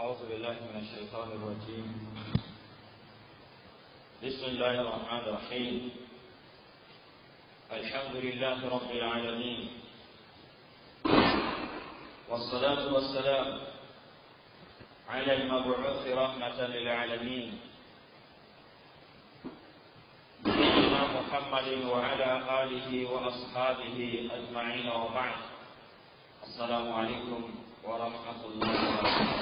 أعوذ بالله من الشيطان الرجيم بسم الله الرحمن الرحيم الحمد لله رب العالمين والصلاة والسلام على المبعوث رحمة للعالمين سيدنا محمد وعلى آله وأصحابه أجمعين وبعد السلام عليكم ورحمة الله وبركاته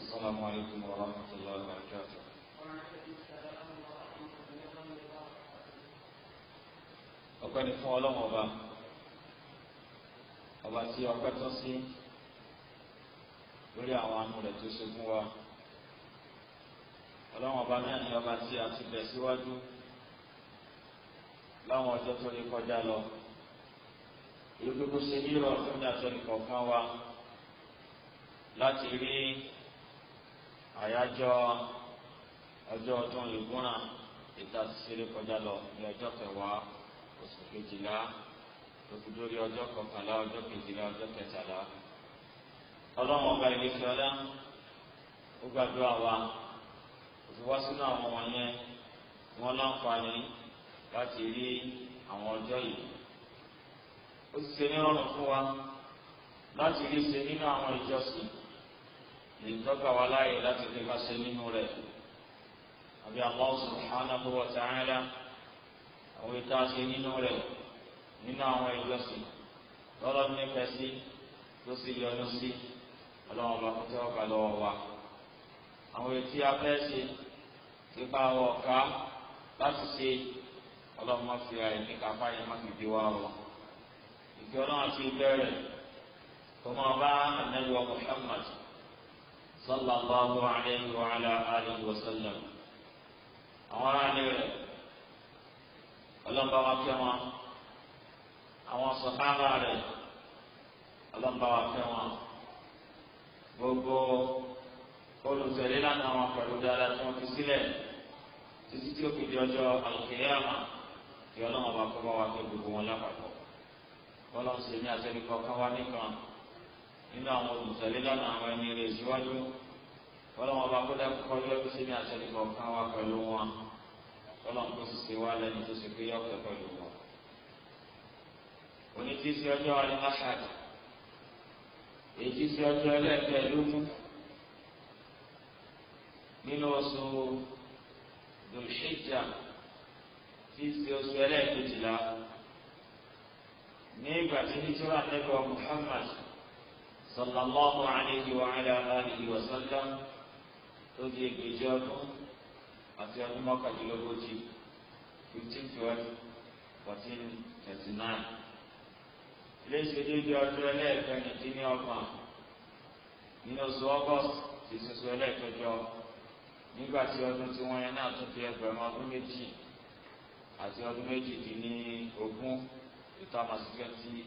السلام عليكم ورحمة الله وبركاته ọpẹ́ ni fún ọlọ́run ọba ọba tí ọpẹ́ tán sí lórí àwọn àánú rẹ̀ tó ṣe fún wa ọlọ́run ọba náà ni ọba tí a ti bẹ̀ síwájú láwọn ọjọ́ tó lè kọjá lọ ìlúkúkú sí rírọ̀ tó ní àtọ́nìkọ̀ fún wa láti rí àyájọ́ ọjọ́ ọdún ìgbóná ìta sílé kọjá lọ ní ọjọ́ kẹwàá oṣù kejìlá lókùdórí ọjọ́ kọkànlá ọjọ́ kejìlá ọjọ́ kẹtàlá ọlọ́run ọba ìlẹ́fẹ́ ọlá ó gbàdúrà wa ti wá sínú àwọn wọ̀nyẹn wọ́n láǹfààní láti rí àwọn ọjọ́ yìí ó ti ṣe nírọ̀rùn fún wa láti rí ṣe nínú àwọn ìjọsìn lè tọ́ka wa láàyè láti lè ká ṣe nínú rẹ̀ àbí Allah subhanahu wa ta'ala àwọn ìta ṣe nínú rẹ̀ nínú àwọn ìjọsìn lọ́rọ̀ nípa sí tó sì yọnu sí ọlọ́run ọba kó tẹ́wọ́ ká wa àwọn ètí afẹ́ ṣe sípa ọ̀ka láti ṣe ọlọ́run má fi àìní kápá yẹn má fi di wá o ìgbẹ́ ọlọ́run àti ìbẹ̀rẹ̀ kò máa bá ànábì wa Muhammad sallallahu alayhi wa ala alihi wa sallam àwọn aráàlú rẹ̀ ọlọ́run bá wa fẹ́ wọn àwọn sọ̀tàbà rẹ̀ ọlọ́run bá fẹ́ wọn gbogbo olùsẹ̀lẹ̀ lánàá wọn pẹ̀lú dáadáa tí wọ́n ti sílẹ̀ títí tí ó fi di ọjọ́ àlùkìyàmà tí ọlọ́run bá kọ́ bá wa pé gbogbo wọn lápapọ̀ ọlọ́run sì ní àtẹnu kọ̀ọ̀kan wá nìkan nínú àwọn olùsẹ̀lẹ̀ lánàá àwọn ẹni rẹ̀ síwájú ọlọ́run bá kó dákọ́ yọjú sí ní àtẹnu kọ̀ọ̀kan wá pẹ̀lú wọn ọlọ́run kó sì ṣe wá lẹ́nu tó ṣe pé yọ̀ọ̀kẹ́ pẹ̀lú tí sí ọjọ́ alẹ́ nínú oṣù dùlhíjà tí ṣe oṣù ẹlẹ́ẹ̀kejìlá ní ìgbà tí nítorí àtẹ́kọ̀ Muhammad sallallahu alayhi wa ala alihi wa sallam tó di ẹgbẹ̀jọ ọdún àti ọdún mọ́kàndínlógójì fifteen twelve fourteen thirty nine ilé ìṣèjú ọdún ẹlẹ́ẹ̀kẹ́ni dín ní ọgbọ̀n nínú oṣù August ti ṣoṣù ẹlẹ́ẹ̀kẹjọ nígbà tí ọdún tí wọ́n yẹn náà tún fi ẹgbẹ̀rún ọdún méjì àti ọdún méjì dín ní ogún ìtàmà sí twenty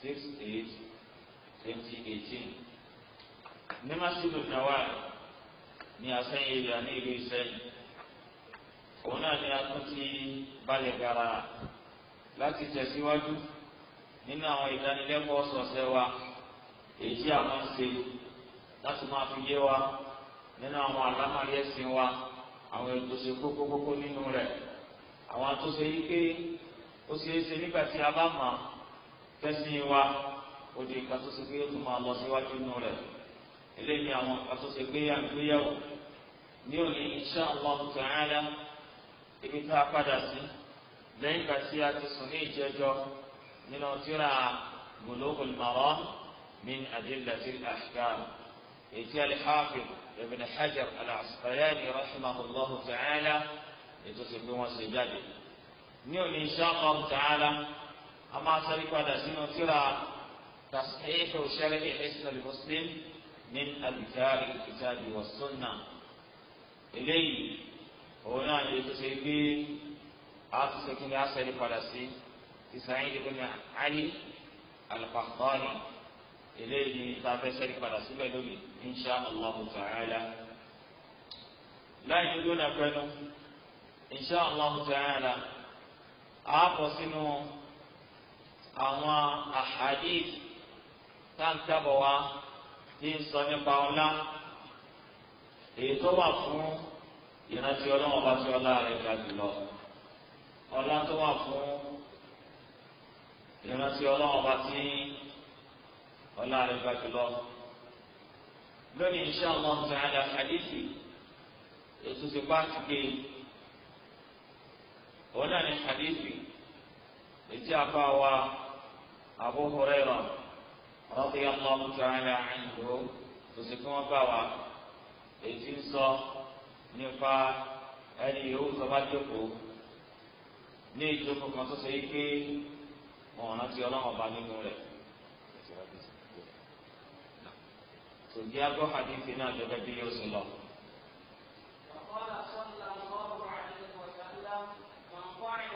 six eight twenty eighteen ní masiru nawa ní asẹ́yìn èrìà ní ìlú ìsẹ́yìn òun náà ni a tún ti balẹ̀ gara láti tẹ̀síwájú nínú àwọn ìdánilẹ́kọ̀ọ́ ọ̀sọ̀ọ̀sẹ̀ wa èyí tí a máa ń ṣe láti máa fi yé wa nínú àwọn àlámọ̀rí ẹ̀sìn wa àwọn ètòsí kókókókó nínú rẹ̀ àwọn àtúnṣe yìí pé ó ṣe é ṣe nígbà tí a bá mọ̀ fẹ́sìn wa ó di nǹkan tó ṣe pé ó tún máa lọ síwájú nínú rẹ̀ eléyìí àwọn nǹkan pé à ń gbéyàwó ní òní insha Allah ta'ala ibi tá a padà sí lẹ́yìn ìgbà tí a ti sùn ní ìjẹ́jọ́ nínú tírà Bulughul Maram min adillatil èyí tí al-Hafiz. ابن حجر العسقلاني رحمه الله تعالى يتصل بهم السجاد نيون إن شاء الله تعالى أما سرق على سنة ترى تصحيح شرع حسن المسلم من أذكار الكتاب والسنة إليه هنا يتصل به أصل سكين أصل فلسطين سعيد بن علي القحطاني eléyìí tá a fẹ́ sẹ́ni padà síbẹ̀ lónìí insha allahu ta'ala láì dúró náà pẹ́nu insha allahu ta'ala a sínú àwọn ahadith tá n tábọ̀ ń sọ nípa ọlá èyí tó wà fún ìrántí ọlọ́wọ́n bá tí ọlá rẹ̀ ga jùlọ ọlá tó wà fún ìrántí ọlọ́wọ́n bá ọlá rẹ̀ bá jùlọ. lónìí insha Allah ta'ala hadithi èso ti bá ti gbé òun náà ní hadithi ètí àbá wa Abu Hurairah radiyallahu ta'ala anhu òsì kí wọ́n bá wa ètí ń sọ nípa ẹni yòówù sọ́ba jókòó ní ìjókòó kan tó ṣe é pé wọn ò ọlọ́run ọba nínú rẹ̀. kò jẹ́ agbọ́ hadithi náà gẹ́gẹ́ bí yóò sì lọ. وقال صلى الله عليه وسلم من قعد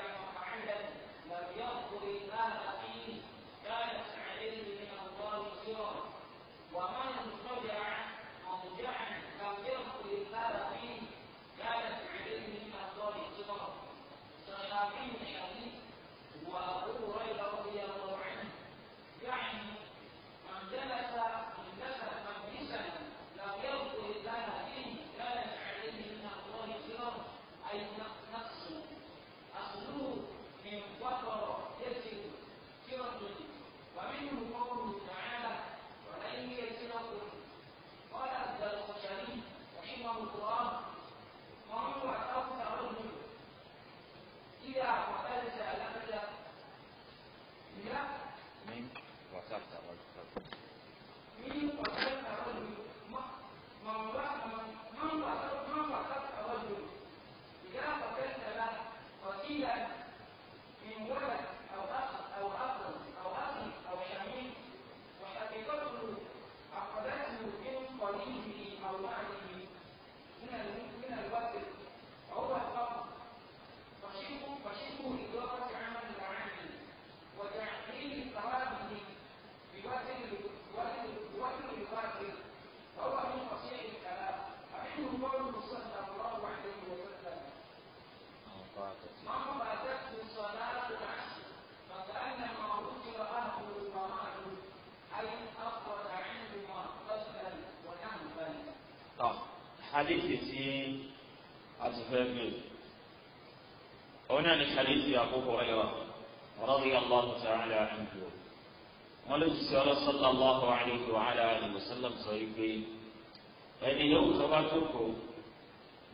hadithi tí a ti fẹ́ gbé òun náà ni hadithi Abu Hurairah radiyallahu ta'ala anhu wọn ló ti sọ sallallahu alayhi wa ala alihi wa sallam sọ igbe ẹni yóò sọ bá jókòó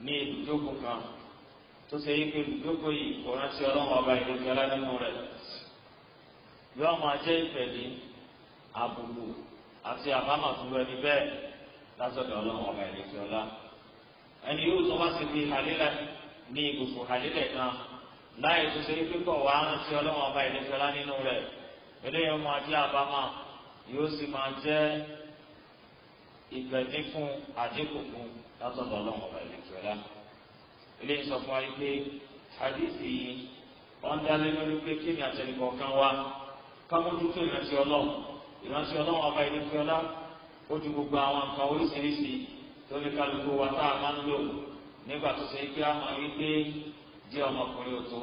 ní ibùjókòó kan tó ṣe yípe ibùjókòó yìí kò rántí ọlọ́run ọba ìdókòó nínú rẹ̀ yóò máa jẹ́ ìpẹ̀lú àbùkù àti àbámọ̀ tó lọ ní bẹ́ẹ̀ lásọ̀dọ̀ ọlọ́run ọba ìdókòó ẹni yóò tó wá sí fi halílẹ̀ ní ibùsùn halílẹ̀ kan láyé tó ṣe é pípọ̀ wá ń ṣe ọlọ́wọ́n ọba ìdẹ́fẹ́lá nínú rẹ̀ eléyìí ọmọ ajé àbámà yóò sì máa jẹ́ ìgbẹ̀dín fún àdínkù látọ̀dọ̀ ọlọ́wọ́n ọba ìdẹ́fẹ́lá eléyìí sọ fún wa yìí pé àdìsí yìí wọ́n dálé lórí pé kí ni àtẹnukọ̀ kan wá kámójútó ìrántí ọlọ́run ìrántí ọlọ́run ọba ìdẹ́fẹ́lá ó ju gbogbo àwọn nǹkan oríṣiríṣi tóní kálukú wa tá a máa ń lò nígbà tó ṣe pé a máa rí pé jẹ́ ọmọkùnrin òtó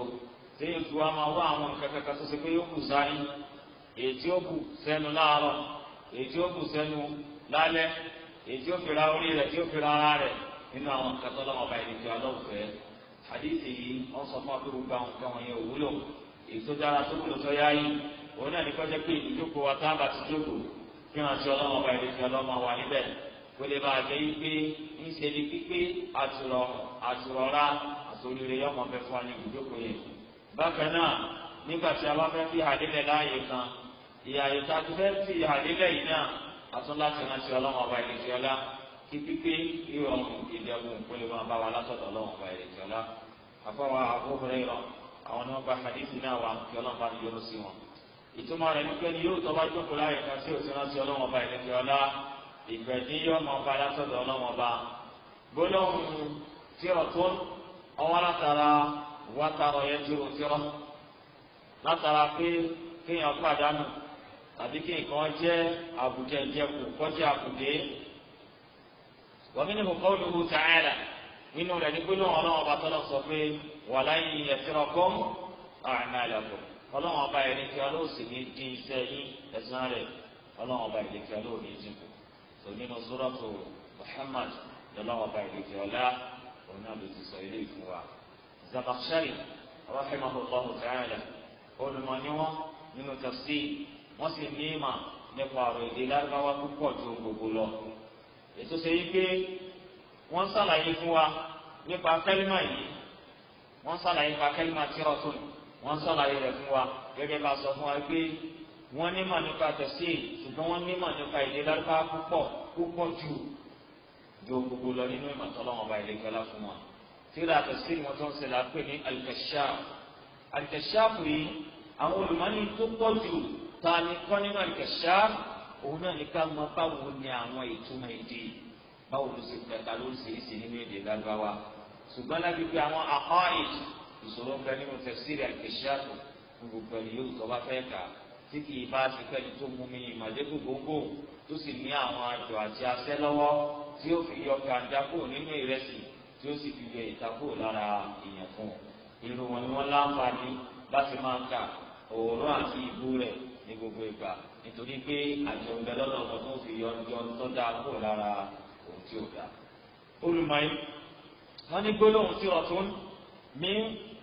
sẹ́yìn tó a máa wá àwọn nǹkan kankan tó ṣe pé yóò kù sáyìn èyí tí ó kù sẹ́nu láàárọ̀ èyí tí ó kù sẹ́nu lálẹ́ èyí tí ó fi ra orí rẹ̀ tí ó fi ra ara rẹ̀ nínú àwọn nǹkan tó lọ́wọ́ bá ìdíje ọlọ́ọ̀fẹ́ àdìsí yìí wọ́n sọ fún akéwù gba nǹkan wọn yẹn òwúlò èyí tó dára tó wúlò tó yá yìí òun náà ní kọjá pé ìjókòó wa tá a bá ti jókòó kí wọ́n ti ọlọ́wọ́ bá ìdíje ọlọ́wọ́ wà níbẹ̀ kó lè máa jẹ́ wípé ń ṣe ni pípé àtúrọ̀ àtúrọ̀ra àtòrire yọmọ fẹ́ fún wa ní ìjókòó yẹn. bákan náà nígbà tí a bá fẹ́ fi àdélẹ̀ láàyè kan ìyàyè tá a ti fẹ́ fi àdélẹ̀ yìí náà àtún láti rántí ọlọ́run ọba ìrètí ọlá kí pípé ìrọ̀rùn ìdẹ̀kùn kó lè máa bá wa látọ̀dọ̀ ọlọ́run ọba ìrètí ọlá. àfọwọ́ àbúrò ìrọ̀ àwọn náà gba hadithi náà wà kí ọlọ́run bá yọrọ sí wọn. ìtumọ̀ rẹ̀ nípẹ́ ni yóò tọ́ bá jókòó láyè kan tí ò ìfẹ́ tí yọ ọmọ ọba látọ̀dọ̀ ọlọ́mọ ọba gbólóhùn tírọ̀ tó ọwọ́ látara wátàrọ̀ yẹn látara pé kéèyàn pàdánù tàbí kí nǹkan jẹ́ àbùjẹ ìjẹkù kọjá àbùdé wọ́n kọ́ lóhùn ní ọba sọ pé wà tó nínú sóràtò Muhammad lọ́lọ́wọ́ bá ìlú ti ọ̀la òun náà ló ti sọ ilé ìfún wa. Zamakhshari rahimahullahu ta'ala olùmọ̀ ni wọ́n nínú tafsir wọ́n sì ní ìmọ̀ nípa ọ̀rọ̀ èdè lárúbáwá púpọ̀ tó gbogbo lọ. ètò ṣe yí pé wọ́n sàlàyé fún wa nípa kẹ́límà yìí wọ́n sàlàyé nípa kẹ́límà tíratun wọ́n sàlàyé rẹ̀ fún wa gẹ́gẹ́ bá sọ fún wa pé wọ́n ní mà nípa tẹ̀sí ṣùgbọ́n wọ́n ní mà nípa èdè lárúbá púpọ̀ púpọ̀ jù ju gbogbo lọ nínú ìmọ̀ tọ́lọ́wọ́n ọba ilé gbẹ́lá fún wọn. tíra tẹ̀sí wọn tó ń ṣe lápè ní alikashaf alikashaf yìí àwọn olùmọ́ni tó pọ̀ jù ta ni kọ́ nínú alikashaf òun náà ní ká mọ báwo ni àwọn ìtumọ̀ èdè báwo ló ṣe gbẹ̀ta ló ń ṣe é nínú èdè lárúbáwá ṣùgbọ́n láti fi àwọn àkọ́ ìṣòro ń bẹ nínú tẹ̀sí alikashaf gbogbo ẹni yóò tí kì í bá ṣe kẹ́ni tó mú mi ìmọ̀lẹ́kùn gbogbo tó sì ní àwọn àjọ àti asẹ́ lọ́wọ́ tí ó fi yọ kàńdá kúrò nínú ìrẹsì tí ó sì fi yọ ìta kúrò lára èèyàn fún un irun wọn ni wọ́n láǹfààní láti máa kà òórùn àti ìbú rẹ̀ ní gbogbo ìgbà nítorí pé àjọ ìgbẹ́ lọ́nà ọ̀gbọ́n tó fi yọ ọjọ́ tó dáa kúrò lára òun tí ò dáa. olùmọ̀ yìí wọ́n ní gbólóhùn tí ọ̀tún mi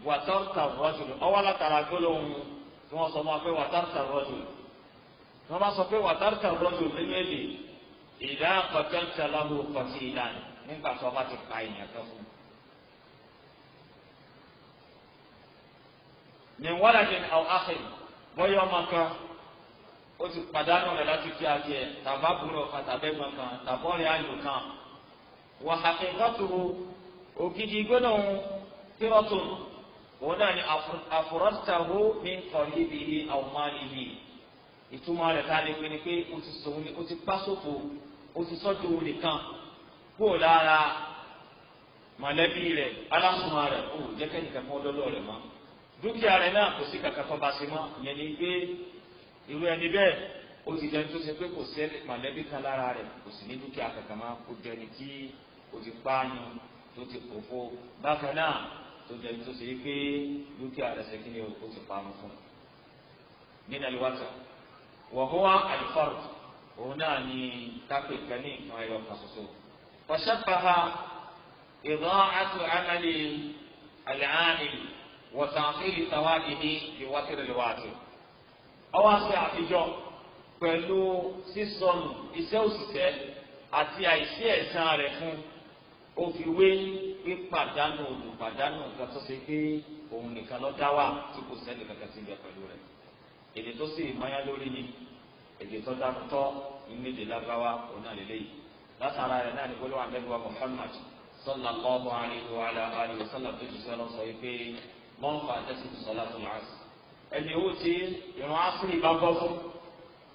wàtọ́ tàwọn ọ̀ṣun ọwọ́ látara gbólóhùn tí wọ́n sọ máa pé wàtárkà rọ́jò wọ́n bá sọ pé wàtárkà rọ́jò nínú èdè ìdá kọ̀tẹ́ǹtà lábò kọ̀tì ìlànà nígbà tí wọ́n bá ti pa èèyàn kan fún un. ní wàlàjì àwọn àkèrè bọ́yọ̀ ọmọ kan ó ti pàdánù rẹ̀ láti fi àjẹ tàbábùrọ̀ kan tàbẹ́gbọ̀n kan tàbọ́rẹ̀ àjò kan wàhàkì kọ́tù ògidì gbọ́dọ̀ ń kírọ́tù òun náà ni àfúrọ́sàwó mi ń kọ́ níbi ilé àwòmánì yìí ìtumọ̀ rẹ̀ tá a lè pe ni pé o ti sòwò ni o ti pa sófo o ti sọ́jú òun nìkan kó o lára mọ̀lẹ́bí rẹ̀ alásùnmọ̀ rẹ̀ o jẹ́ kẹ́nìkan kan dọ́lọ́ rẹ̀ mọ́ dúkìá rẹ̀ náà kò sí kàkà tó bá sí mọ́ ni pé irú ẹni bẹ́ẹ̀ o ti dẹni tó ṣe pé kò sí mọ̀lẹ́bí kan lára rẹ̀ kò sí ní dúkìá kankan mọ́ o dẹni tí o ti pààyàn tó ti kò fo bákan náà tó jẹ́ ibi tó ṣe pé dúkìá rẹ̀ ṣe kí ni o ti parun fún un. nínú àlùwàtà wọ̀húwá àlùfáàrù òun náà ni kápẹ́ ìkan ní nǹkan ẹ̀yọ kan ṣoṣo. wọ́ṣẹ́pàá ìdán àtò àmàlẹ́ àlẹ́hánì wọ̀tàǹfìlì tàwádìí ní ìwátìrì lùwàtì. ọwọ́ àṣẹ àtijọ́ pẹ̀lú sísọnù iṣẹ́ òṣìṣẹ́ àti àìsí ẹ̀san rẹ̀ fún òfìwé pípàdánù olùpàdánù nǹkan tó ṣe pé òun nìkan ló dá wà tí kò sẹ́ni kankan sí ibẹ̀ pẹ̀lú rẹ̀ èdè tó sì mọ́yá lórí ni èdè tó dánu tọ́ nílé lágbáwá òun náà lélẹ́yìí látara rẹ̀ náà ní gbólóhùn àbẹ́bíwá Muhammad sallallahu alayhi wa alayhi wa sallam tó ti sọ̀rọ̀ sọ pé wọ́n fa àtẹ́sìtì sọ́lá tó ẹni owó tí ìrun asiri bá bọ́ fún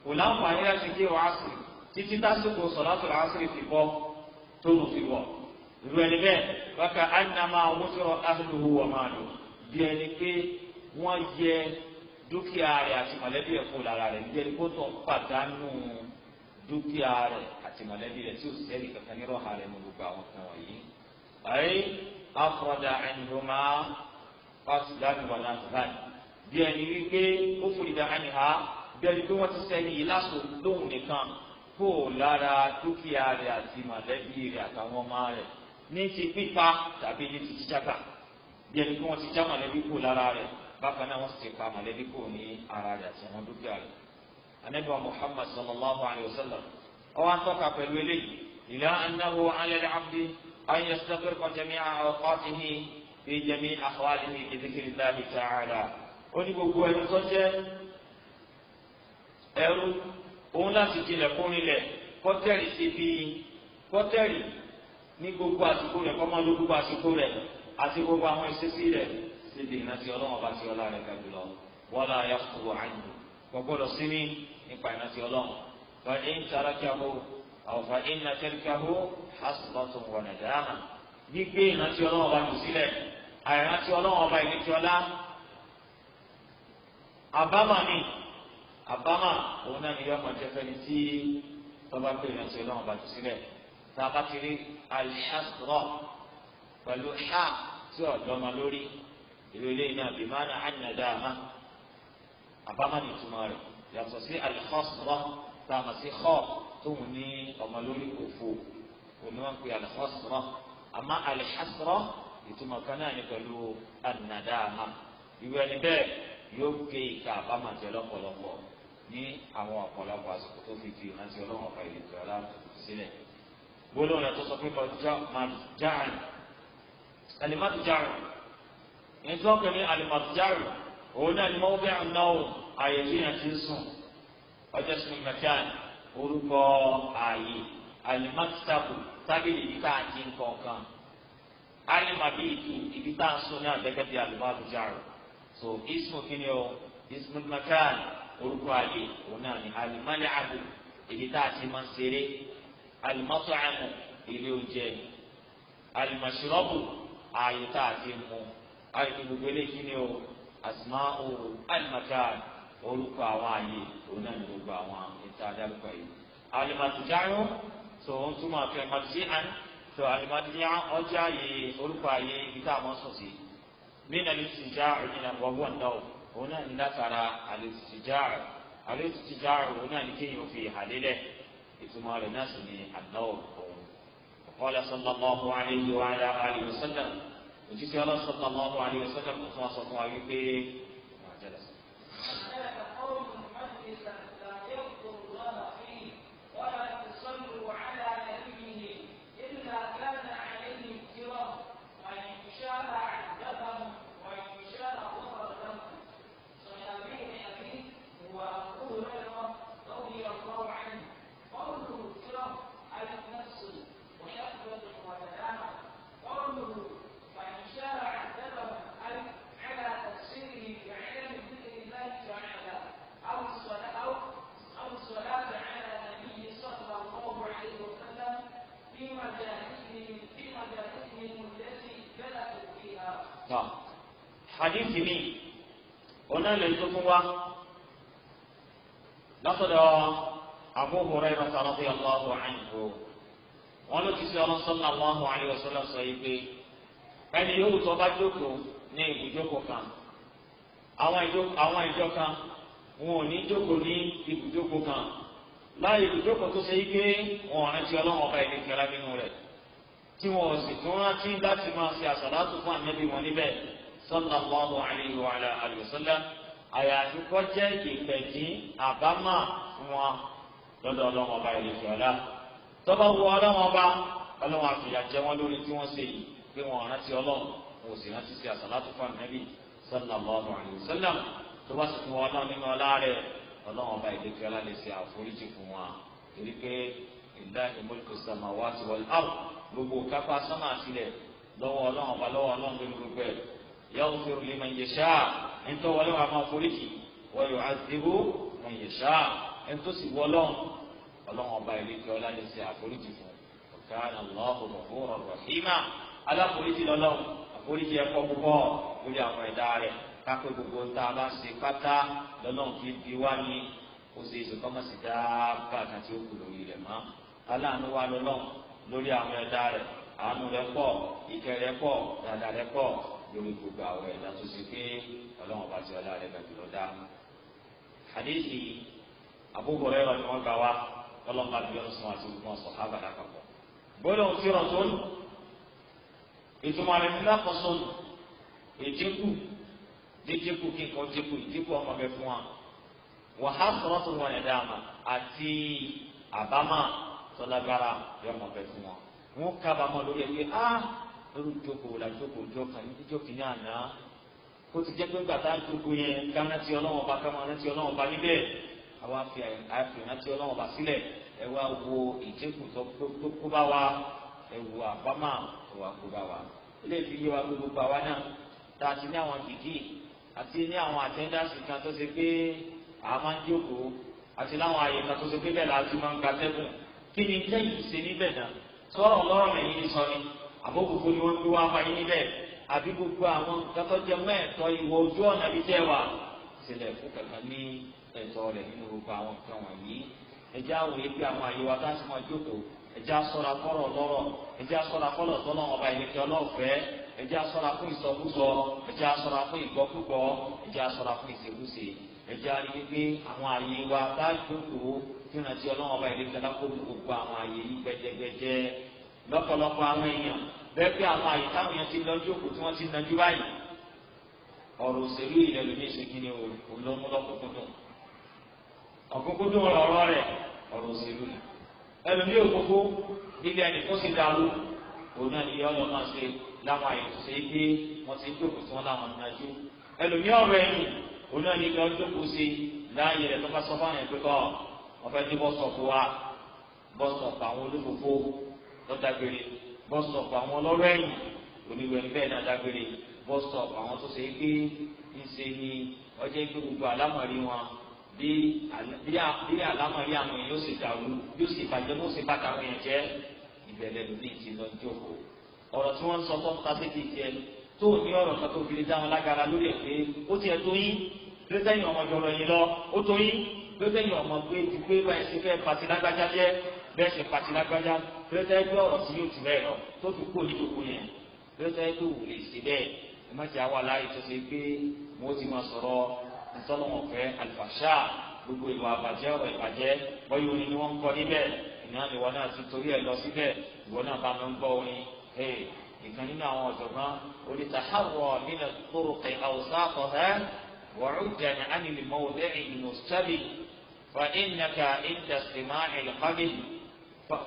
kò láǹfààní irú ẹni bẹ́ẹ̀ bákà ánàmà wọ́sọ̀rọ̀ áhùlùwò wà máa lò bí ẹni pé wọ́n yẹ dúkìá rẹ̀ àti mọ̀lẹ́bí ẹ̀ kó lára rẹ̀ níbi ẹni kó tó pàdánù dúkìá rẹ̀ àti mọ̀lẹ́bí rẹ̀ tí ó sì ẹnì kankan nírọ̀ ha rẹ̀ mú gbogbo àwọn kan wọ̀nyí. ayé afọdà ẹnìhùnmá pàṣídánù wà nàìjíríà bí ẹni wípé ó fòlìdà ní ti pípa tàbí ní ti jíjágbà bí ẹni pé wọ́n ti já mọ̀lẹ́bí kù lára rẹ̀ bákan náà wọ́n sì ti pa mọ̀lẹ́bí kù ní ara rẹ̀ àti àwọn dúkìá rẹ̀ anabi wa muhammad sallallahu alayhi wa sallam ọwọ́ atọ́ka pẹ̀lú eléyìí ìlà annahu ala al-abdi an yastaqirra jami'a awqatihi fi jami'i ahwalihi bi dhikrillahi ta'ala ó ní gbogbo ẹni tó jẹ́ ẹrú òun láti tilẹ̀ kúrin lẹ̀ kọ́tẹ́rì síbi kọ́tẹ́rì ní gbogbo àsìkò rẹ̀ kọ́ máa lo gbogbo àsìkò rẹ̀ àti gbogbo àwọn ìṣesí rẹ̀ síbi ìrántí ọlọ́wọ́n bá ti ọlá rẹ̀ kàbí lọ wọ́n lá yà fún wa àyìn gbọ́gbọ́dọ̀ sí ní nípa ìrántí ọlọ́wọ́n fa in tarakahu aw fa inna tarkahu hasratun wa nadama gbígbé ìrántí ọlọ́wọ́n bá lù sílẹ̀ àìrántí ọlọ́wọ́n bá ìrántí ọlá àbámà ni àbámà òun náà ni yọ ọmọ jẹfẹ ni tí tọ́ba pé ìrántí ọlọ́wọ́n bá lù sílẹ̀ sábà kiri alḥasrọ pẹ̀lú ha tí ọ̀dọ́mọ lórí ìlú ilé iná bimana anadama abamani tuma rẹ̀ yàtọ̀ sí alḥasrọ tààmà sí xọ tóun ní ọmọ lórí òfo òní wọn pe alḥasrọ àmọ́ alḥasrọ ìtumọ̀ kan náà ní pẹ̀lú anadama ìwé ẹni bẹ́ẹ̀ yóò gé ìka àbámọ̀jẹ lọ́pọ̀lọpọ̀ ní àwọn ọ̀pọ̀lọpọ̀ àsìkò tó fi fi ìrántí ọlọ́wọ́n ọ̀pá ìlú ìtura sílẹ̀ gbólóhùn yẹn tó sọ pé marjan alimarjan nítorí ọkàn ní alimarjan òun náà ni wọ́n bẹ́ àná o àyè tí yẹn ti ń sùn ọjọ́ sinmi mẹ́tíàn orúkọ ààyè alimakitabu tábìlì ibi tá a ti ń kọ̀ọ̀kan alimabiitu ibi tá a sùn ní àgbẹ̀gẹ̀ bíi alimarjan so ismu kini o ismu mẹ́tíàn orúkọ ààyè òun náà ni alimaliabu ibi tá a ti máa ń ṣeré alimọ́tòámù ilé oúnjẹ ni alimọ̀ṣirọ́bù ààyè tá a ti mú ààyè gbogbo eléyìí ni o àsìmá òru alimọ̀ká orúkọ àwọn ààyè òun náà ní gbogbo àwọn ètò adágbà yìí alimọ̀tòjáyọ̀ tó ń túmọ̀ fẹ́ mọ̀tòsí àná tó alimọ̀tòjá ọjà yìí orúkọ ààyè ibi tá a mọ̀ sùn òyìnbó wọ́wọ́ náà òun náà ní látara alẹ́sìtìjà alẹ́sìtìjà òun náà ní kéèyàn fi hàlélẹ̀ ìtumọ̀ rẹ̀ náà sì ni àdáwọ̀ ọ̀rọ̀. ọ̀kọ́lá sallallahu alayhi wa ala alihi wa sallam òjíṣẹ́ ọlọ́sọ̀tàn lọ́wọ́ àlè tọ́ hadithi mi ọ̀nà lè tuntun wa lọ́sọ̀dọ̀ Abu Hurairah radiyallahu anhu wọn ló ti sọ ọlọ́sọ́nà lọ́hùn àríwọ̀sọ́lá sọ yìí pé ẹni yóò tó bá jókòó ní ibùjókòó kan àwọn ìjọ kan wọn ò ní jókòó ní ibùjókòó kan láì ibùjókòó tó ṣe yí pé wọn ò rántí ọlọ́wọ́n ọba ìdíkẹ́lá nínú rẹ̀ tí wọn ò sì tún rántí láti máa ṣe àṣàlátù fún ànábì wọn níbẹ̀ sallallahu alayhi wa alayhi wa sallam àyàfi kọ́ jẹ́ ìpẹ̀jì àbámà fún wa lọ́dọ̀ ọlọ́run ọba ìlẹ̀kẹ̀ ọ̀la tọ́ba wo ọlọ́run ọba ọlọ́run àfìyà jẹ wọn lórí tí wọ́n ṣe yìí pé wọn rántí ọlọ́run wọn ò sì rántí ṣe àṣàlátù fún ànábì sallallahu alayhi wa tó bá sì fún wọn nínú ọlá rẹ̀ ọlọ́run ọba ìlẹ̀kẹ̀ ọ̀la gbogbo kápá sánmà sílẹ̀ lọ́wọ́ ọlọ́run ọba lọ́wọ́ ọlọ́run tó ní gbogbo ẹ̀ yàwó fèrè lè máa ń yẹ ṣáà ẹ̀ńtọ́ wọlé wàá máa foríkì wọ́n yóò àdébò máa ń yẹ ṣáà ẹ̀ńtọ́ sì wọ́ ọlọ́run ọlọ́run ọba ìlẹ́kẹ́ ọlá ní sẹ́ àforíjì fún ọ̀kánà lọ́hùn ọ̀fọ́rọ̀ rọ̀hìmà aláforíjì lọ́lọ́run àforíjì ẹ̀kọ́ púpọ̀ lórí àwọn ẹ̀dá rẹ̀ kápẹ́ gbogbo ṣe pátá lọ́lọ́run fi bí wá ní ó ṣe é ṣe kọ́mọ̀sí dáàbà àti lórí àwọn ẹ̀dá rẹ̀ àánú rẹ̀ pọ̀ ìkẹ́ rẹ̀ pọ̀ dáadáa rẹ̀ pọ̀ lórí gbogbo àwọn ẹ̀dá tó ṣe pé ọlọ́run bá ti ọlá rẹ̀ bẹ̀rù lọ dá. hadithi Abu Hurairah ni wọ́n gbà wá ọlọ́run bá bíọ́ sùn àti gbogbo ọ̀sán hábàdà papọ̀. gbọ́dọ̀ tí rọ̀ tó ń ìtumọ̀ rẹ̀ ní lákòóso ìdínkù dídínkù kíkọ́ dínkù ìdínkù ọmọ bẹ fún wa wàhásọ̀rọ̀ tó wọn ẹ̀dá àmà àti àbámà sọlágbára yọmọ bẹ fún wọn wọn kábàámọ̀ lórí ẹgbẹ ah lórí ìjókòó la ìjókòó jọkàn ní ìjókòó ní àná kó ti jẹ pé gbàtà ìjókòó yẹn gánà tí ọlọ́wọ́n bá kámọ́ rántí ọlọ́wọ́n bá níbẹ̀ àwa fi àfihàn tí ọlọ́wọ́n bá sílẹ̀ ẹ wá wo ìjókòó tó kó bá wa ẹ wo àbámà tó wá kó bá wa ilé ìfi yé wa gbogbo àwa náà tá a ti ní àwọn kìkì àti ní àwọn àtẹ́ńdàsì kan tó ṣe pé àá máa ń jókòó àti láwọn àyè kan tó ṣe pé bẹ́ẹ̀ kí ni iṣẹ́ yìí ṣe níbẹ̀ dá sọ̀rọ̀ lọ́rọ̀ ẹ̀yìn ní sọ ni àbókùkù ni wọ́n gbé wá fún yín níbẹ̀ àbí gbogbo àwọn nǹkan tó jẹ mọ́ ẹ̀tọ́ ìwọ ojú ọ̀nà bíi tẹ́ wà sílẹ̀ fún kankan ní ẹ̀tọ́ rẹ̀ nínú gbogbo àwọn nǹkan wọ̀nyí ẹjẹ́ àwòye pé àwọn àyè wa láti máa jókòó ẹjẹ́ asọ́ra kọ́rọ̀ lọ́rọ̀ ẹjẹ́ asọ́ra kọ́rọ̀ tọ́lọ́ ọba ìlẹ̀kẹ́ ọlọ́ọ̀fẹ́ ẹjẹ́ asọ́ra fún ìsọkúsọ ẹjẹ́ asọ́ra fún ìgbọ́kúgbọ́ ẹjẹ́ asọ́ra fún ìṣekúṣe ẹjẹ àrí wípé àwọn ààyè wa bá jókòó tí wọn ti ọlọ́wọ́ ọba ìdíje alákòóso gbogbo àwọn ààyè yìí gbẹdẹgbẹdẹ lọ́pọ̀lọpọ̀ àwọn èèyàn bẹ́ẹ̀ pé àwọn ààyè táwọn èèyàn ti lọ jókòó tí wọ́n ti nàjú báyìí ọ̀rọ̀ òṣèlú ilẹ̀ lómi ìṣègùn ni olómúlọ́kùnkùndùn ọ̀kùnkùndùn ọ̀rọ̀ rẹ̀ ọ̀rọ̀ òṣèlú ni ẹlòmí òkókó ilé ẹni tó sì dàrú òun náà ni ọ̀yọ́ náà ṣe láwọn àyè tó ṣe wọ́n ti jókòó tí wọ́n láwọn nàjú ẹlòmí ọ̀rọ̀ ẹ̀yìn oní àyè kí ọjọ́ kò sí láàyè rẹ̀ tó bá sọ fáwọn yẹn pé kọ́ ọ̀fẹ́ tí bọ́ sọ̀kù wa bọ́ sọ̀kù àwọn olófòfó lọ́dàgbére bọ́ sọ̀kù àwọn ọlọ́rọ̀ ẹ̀yìn oníwẹ̀ bẹ́ẹ̀ náà dágbére bọ́ sọ̀kù àwọn tó ṣe é pé ń ṣe ni ọjọ́ ìgbé gbogbo àlámọ̀rí wọn bí àlámọ̀rí àwọn yóò sì dàrú yóò sì bàjẹ́ bó sì bàtà àwọn yẹn jẹ́ ìbẹ̀rẹ̀ lónìí ti lọ jókòó ọ̀rọ̀ tí wọ́n sọ fọ́n tó ní ọ̀rọ̀ kan tó fi lè dá wọn lágara lórí ẹ̀ pé ó tiẹ̀ tó yín ló sẹ́yìn ọmọ jọ̀rọ̀ yìí lọ ó tó yín ló sẹ́yìn ọmọ gbé ti gbé báyìí ṣe fẹ́ pàṣẹ lágbájá jẹ́ bẹ́ẹ̀ ṣe pàṣẹ lágbájá ló sẹ́yìn pé ọ̀rọ̀ sí yóò ti bẹ́ẹ̀ lọ tó fi kó nídòkó yẹn ló sẹ́yìn pé wò lè ṣe bẹ́ẹ̀ ẹ má ti àwa láàyè tó ṣe pé mo ti máa sọ̀rọ̀ ntọ́lọ́mọ̀fẹ́ àlùfàṣà gbogbo ìwà àbàjẹ́ ọ̀rọ̀ ìbàjẹ́ ni wọ́n ń kọ́ níbẹ̀ ìnáwó ìwọ náà ti torí ẹ̀ lọ فإن وجبا ولتحرى من الطرق أوساطها وعجا عن الموضع المستبد فإنك عند استماع القبل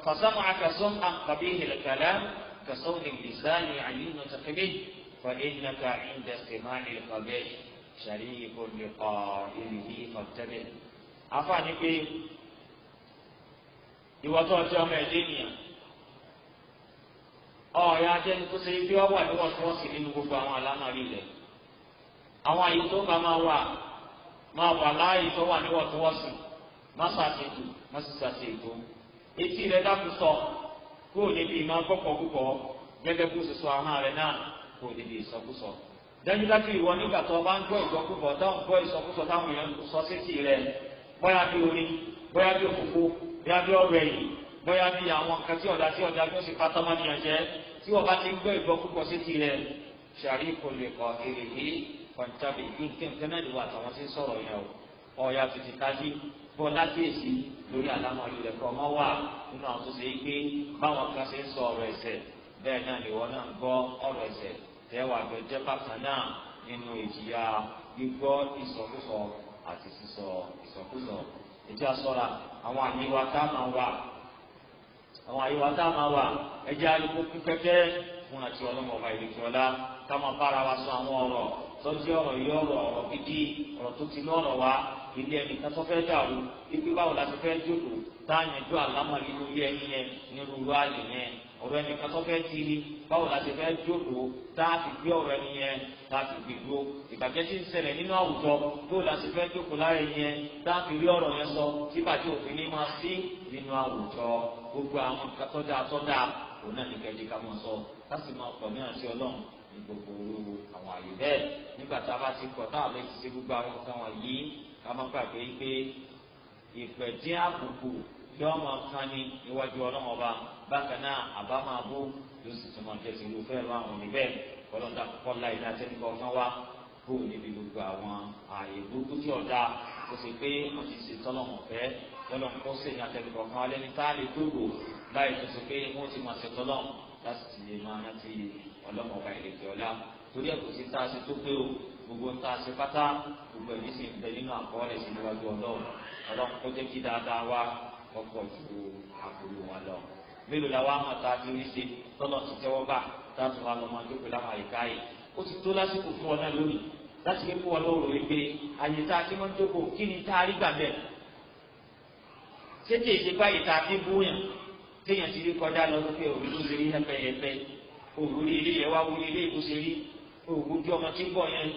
فسمعك سمعا قبيح الكلام كصوت اللسان عن المتقبل فإنك عند استماع القبيح شريك لقائله فاتبع أفعني في يوتو جامع الدنيا ọ̀rẹ́ ajẹ́ni tó ṣe bí wọ́n wà níwọ̀ntúnwọ̀nsì nínú gbogbo àwọn àlámàrí rẹ̀ àwọn àyè tó bá máa wà máa wà láàyè tó wà níwọ̀ntúnwọ̀nsì má ṣàṣètò má sì ṣàṣètò etí rẹ̀ sọ o níbi ìmọ̀ gbọ́pọ̀ púpọ̀ gẹ́gẹ́ bó ṣe sọ ahọ́n rẹ̀ náà kó níbi dájúdájú ìwọ bá ń sọ sétí bóyá bí orin bóyá bí bóyá bóyá bí àwọn nǹkan tí ọ̀dà tí ọ̀dà tó sì pátá mọ́ nìyẹn jẹ́ tí wọ́n bá ti gbọ́ ìbọn púpọ̀ sí tirẹ̀ ṣàrí kò lè kọ́ èrè yìí kọ̀ǹtàbí nǹkan náà lè wà àtàwọn tí ń sọ̀rọ̀ yẹn o ọ̀yà tètè kájí bọ́ lákèésí lórí àlámọ̀rí rẹ̀ kọ́ ọmọ wà nínú àwọn tó ṣe é pé báwọn kan ṣe ń sọ ọ̀rọ̀ ẹ̀sẹ̀ bẹ́ẹ̀ náà lè wọ́n náà gbọ́ ọ̀rọ̀ ẹ̀sẹ̀ tẹ́wàá àwọn àyè wa tá a máa wà ẹjẹ́ àlùkò kíkẹ́kẹ́ fún àti ọlọ́mọ ọba ìdíkùn ọ̀la ká máa bára wa sọ àwọn ọ̀rọ̀ tọ́jú ọ̀rọ̀ yìí ọ̀rọ̀ ọ̀rọ̀ gidi ọ̀rọ̀ tó ti lọ́rọ̀ wa ilé ẹnìkan tó fẹ́ dàrú ibi báwo la ti fẹ́ jòkó táyà ju àlámọ̀ nínú ilé ẹni yẹn nírú wáàlì yẹn ọ̀rọ̀ ẹnìkan tó fẹ́ ti ni báwo la ti fẹ́ jókòó tá a ti gbé ọ̀rọ̀ ẹni yẹn tá a ti gbé dúró ìbàjẹ́ ti ń ṣẹlẹ̀ nínú àwùjọ báwo la ti fẹ́ jókòó lára ẹni yẹn tá a fi rí ọ̀rọ̀ yẹn sọ tí bàjẹ́ òfin ní máa sí nínú àwùjọ gbogbo àwọn nǹkan tó dáa tó dáa òun náà nìkan ẹ̀jẹ̀ ká mọ̀ sọ ká sì máa pọ̀ ní àti ọlọ́run ní gbogbo olówó àwọn àyè bẹ́ẹ̀ nígbà tá a bá ti pọ̀ tá a bákan náà àbámọ̀ abó yóò sì tún máa jẹ́sí irúfẹ́ ẹ̀rọ àwọn oníbẹ̀ kọ́lọ́dà kọ́kọ́ láì dá sẹ́nìkan kan wá kó o níbi gbogbo àwọn ààyè burúkú tí ọ̀dà kó sì pé wọ́n ti ṣe tọ́lọ̀mọ̀ fẹ́ tọ́lọ̀mọ̀ kó sì ní àtẹnìkan kan alẹ́ ní táàlì gbogbo láì tó sì pé wọ́n ti máa ṣe tọ́lọ̀mọ̀ láti lè máa rántí ọlọ́mọba ìrèké ọ̀la torí ẹ̀kọ́ sí tá a ṣe tó pé o gbogbo tá ṣe pátá gbogbo ẹ̀mí sì ń bẹ nínú àkọọ́lẹ̀ sí níwájú ọlọ́run ọlọ́run kó jẹ́ kí dáadáa wá ọkọ̀ ju àbúrò wa lọ. mélòó la wá mọ̀ tá a ti rí ṣe tọ́lọ̀ sí tẹ́wọ́ bá tá a tún tó láwọn àyíká ti tó lásìkò fún ọ náà lónìí láti ké fún ọ lọ́wọ́ rẹ̀ pé àyè tá a ti máa ń kí ni tá a rí gbà bẹ́ẹ̀ báyìí tá a fi bú yàn téèyàn ti rí kọjá lọ lókè òru ló rí òru rí ilé yẹn wá ilé ṣe rí òru ọmọ tí ń bọ̀ yẹn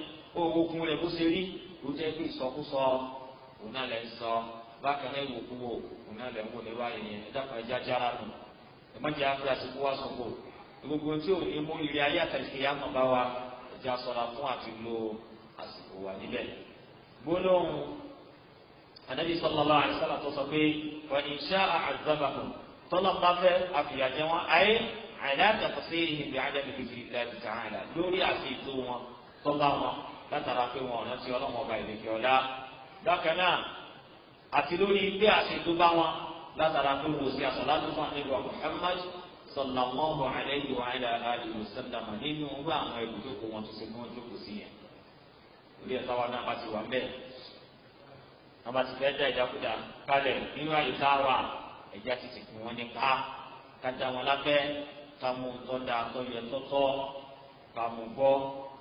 rẹ̀ bó mọ̀jà fi àsìkò wa sọ̀kò gbogbo tí òye mú ilé ayé àtàlìkè yá mọ̀ bá wa ẹ̀jẹ̀ asọ̀ra fún àti lo àsìkò wa níbẹ̀. gbólóhùn anabi sallallahu alaihi wasallam tó sọ pé wà ní iṣẹ́ àzàbàkùn tọ́lọ́ bá fẹ́ àfìyàjẹ́ wọn ayé àìláàtà fọ́sẹ́yìn ìbí àdàbí fífi láti ta'ala lórí àti ètò wọn tó wọn látara pé wọn ọ̀nà tí ọlọ́wọ́n ìlẹ̀kẹ́ ọ̀la bákan náà àti lórí pé àṣetó bá wọn látara pé wò sí àsọlá tó fún àlejò Muhammad sallallahu alayhi wa ala alihi wa sallam nínú bá àwọn ẹrù tó kó wọn tó ṣe fún ọjọ́ kò sí yẹn orí ẹ̀ táwa náà bá ti wà mẹ́ẹ̀ náà bá ti fẹ́ dá ìdákúdá kalẹ̀ nínú àyè táwa ẹ̀já ti sìnkú wọn ní ká kájà wọn lábẹ́ ká mú tọ́da tọ́yẹ tọ́tọ́ ká mú bọ́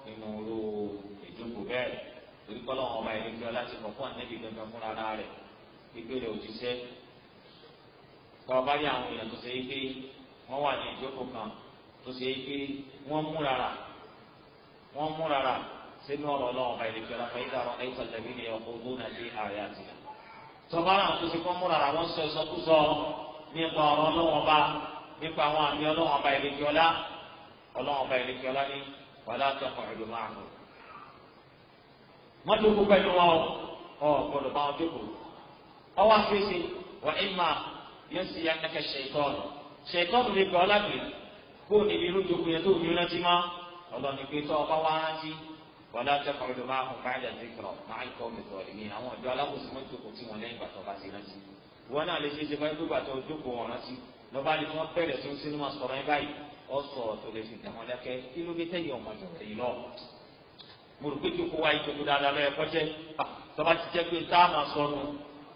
nínú oró ìjókòó bẹ́ẹ̀ torí kọ́lọ́ wọn ọba ìrìnkì ọlá ti kọ̀ fún àtẹ́bí gangan fúnra rẹ̀ ìgbéra òjíṣẹ́ tọ́wọ́ bá rí àwọn èèyàn tó ṣe é pé wọ́n wà ní ìjókòó kan tó ṣe é pé wọ́n mú rárá wọ́n mú rárá sínú ọ̀rọ̀ ọlọ́run ọba ìlẹ̀kẹ́ ọ̀la fẹ́ẹ́ dàrọ̀ ẹ̀kọ́ lẹ́bí ni ọkọ̀ ogún náà dé ààrẹ àti ìlà. tọ́ba náà tó ṣe kọ́ mú rárá wọ́n sọ ìsọkúsọ nípa ọ̀rọ̀ ọlọ́run ọba nípa àwọn àmì ọlọ́run ọba ìlẹ̀kẹ́ ọ̀la ọlọ́run ọba ìlẹ̀kẹ́ yóò sì yá kẹ́kẹ́ ṣètọ́ọ̀nù ṣètọ́ọ̀nù lè gbọ́ lágbè kó o níbi irú gbogbo yẹn tó ní rántí mọ́ ọlọ́ni pé tọ́ ọba wá rántí wọlé akẹ́kọ̀ọ́ ló máa hùn báyìí àti ìkọ̀rọ̀ máa ń kọ́ mi tọ̀ ní àwọn ọ̀dọ́ alákòóso mọ́tò kò tí wọn lẹ́yìn ìgbà tó bá ti rántí wọn náà lè ṣe é ṣe fún ẹgbẹ́ tó dókòó wọn rántí lọ́ba ni wọ́n bẹ̀rẹ̀ sí sínú máa sọ̀rọ̀ ẹ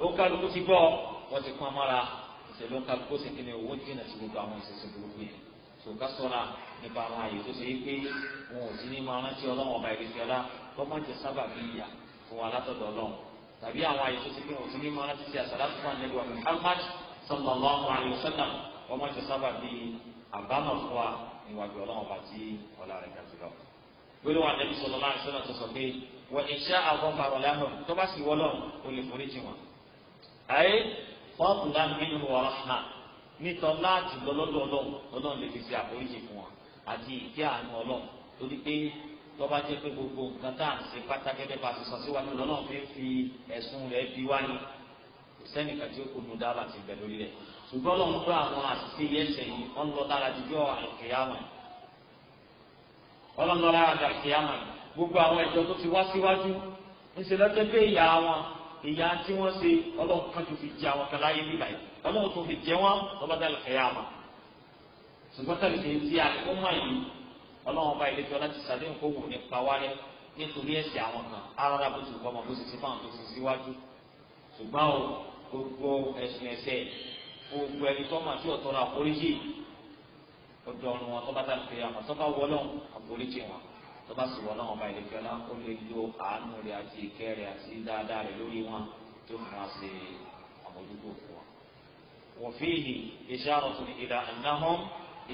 ó kálukú ti gbọ́ wọ́n ti pọn mọ́ra ìṣèlú kálukú sì kí ni owó jìnnà sí gbogbo àwọn ìṣẹ̀ṣẹ̀ burúkú yẹn tó ká sọ́ra nípa àwọn àyè tó ṣe é pé wọn ò sí ní máa rántí ọlọ́wọ́n ọba ìrẹsì ọlá lọ́mọdé sábà bí ìyà fún wa látọ̀dọ̀ ọlọ́run tàbí àwọn àyè tó ṣe pé wọn ò sí ní máa rántí sí àṣàlá fún wa nílùú sallallahu alayhi wa sallam lọ́mọdé sábà bí àbámọ̀ fún wa níwájú ọlọ́run ọba tí ọlá rẹ̀ gàdú lọ. gbẹ́lẹ́ wà nẹ́bí sọlọ́lá àṣọ náà tó sọ pé wọ́n ìṣá àwọn bàrọ̀ lánàá tó bá sì wọ́lọ́ ayé fọ́ọ̀mùlá nínú ọ̀rọ̀hánà nítorí láti lọ lọ́dọ̀ ọlọ́run ọlọ́run lè fi ṣe àforíjì fún wa àti ìkẹ́ àánú ọlọ́run torí pé tọ́ba jẹ́ pé gbogbo nǹkan tá à ń ṣe pátákẹ́tẹ́ bá sọ síwájú lọ́nà fi fi ẹ̀sùn rẹ̀ bí wáyé kò sẹ́nìkan tí ó kó nu dábàá ti bẹ̀ lórí rẹ̀ ṣùgbọ́n lọ́n tó àwọn àṣìṣe yẹn sẹ́yìn wọ́n lọ lára jíjọ́ àlùkìyàmà wọ́n lọ lára àlùkìyàmà gbogbo ìyá tí wọ́n ṣe ọlọ́run kan tó fi jẹ àwọn kan láyé nígbà yìí ọlọ́run tó fi jẹ wọ́n lọ́ba dá lọ́kẹ́ yá ma ṣùgbọ́n tàbí ṣe ti àkómọ yìí ọlọ́run bá ilé fi ọlá ti sàdéhùn kó wò nípa wálé nítorí ẹ̀ṣẹ̀ àwọn kan arára bó ti gbọ́mọ bó ti sí fáwọn tó ti síwájú ṣùgbọ́n o gbogbo ẹ̀sìn ẹ̀ṣẹ̀ gbogbo ẹni tó mà sí ọ̀tọ̀ rà àforíjì ọ̀dọ̀ ọ̀run wọn tó bá dá lọ́kẹ́ yá ma tó bá wọlọ́run àforíjì wọn tọ́ba sì wọ́n náà ọba ìlẹ́fẹ́ náà ó lè lo àánú rẹ̀ àti ìkẹ́ rẹ̀ àti dáadáa rẹ̀ lórí wọn tó fún wa ṣe àmójútó fún wa. wọ̀fíìhì isharatun ila annahum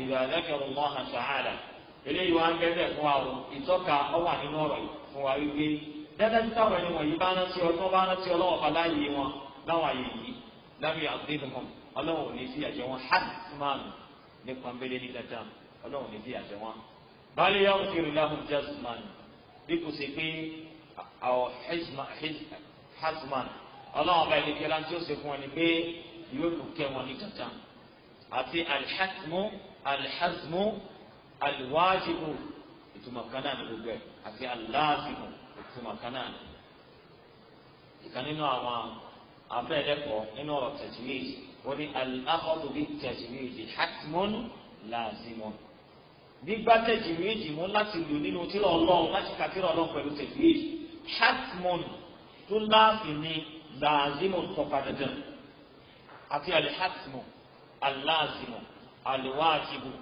idha dhakaru Allah ta'ala eléyìí wá ń gẹ́gẹ́ fún wa o ìtọ́ka ọwà nínú ọ̀rọ̀ fún wa wípé dáadáa tí táwọn ẹni wọ̀nyí bá rántí ọtọ́ bá rántí ọlọ́wọ́ padà yé wọn láwọn àyè yìí balẹ̀ yà wọ́n ti rìn láhùn jasman bí kò sí pé àwọn hasman ọlọ́run ọba ìlú kẹlá tí ó ṣe fún wọn ni pé yóò lù kẹ́ wọn ní kankan àti alḥasmu alḥasmu alwájibu ìtumọ̀ kan náà ní gbogbo ẹ̀ àti aláàzimu ìtumọ̀ kan ní. ìkan nínú àwọn afẹ́rẹ́kọ̀ nínú ọ̀rọ̀ tajwid wọ́n ní al-akhadhu bit tajwid hasmun láàzimun gbígbá tẹ̀jì méjì mú láti lò nínú tírà ọlọ́run láti ka tírà ọlọ́run pẹ̀lú tẹ̀jì méjì hatmon tó láàfin ni làázìmọ̀ tọ́pa dandan àti alihatmọ̀ aláàzìmọ̀ aliwáàjibù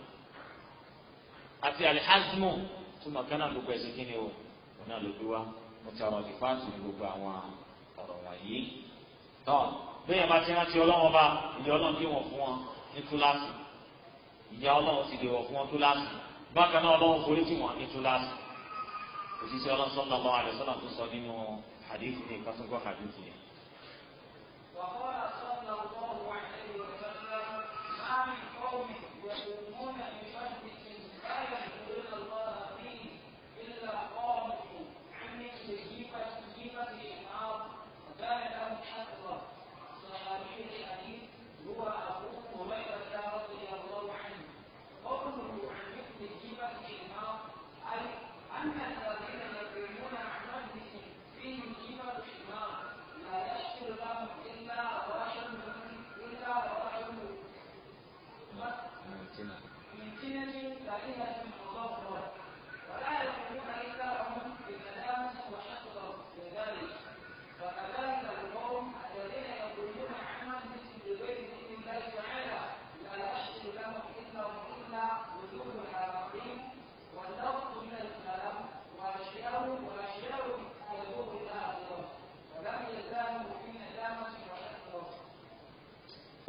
àti alihazmọ̀ tó màkà náà gbogbo ẹ̀sìn kí ni o òun náà ló gbé wá mo ti àwọn ìfáàtì ní gbogbo àwọn ọ̀rọ̀ wọ̀nyí. bẹ́ẹ̀ bá ti rántí ọlọ́run ọba ìyá ọlọ́run bí wọ́n fún wọn ní ìyá ọlọ́run ti dèwọ̀ fún wọn tó láti bákan náà ọlọ́run forí tì wọ́n ní tó láti òṣìṣẹ́ ọlọ́run sọ́nà lọ́wọ́ àdìsọ́nà tó sọ nínú àdéhùn ní ìkàtúngọ́ àdéhùn yẹn.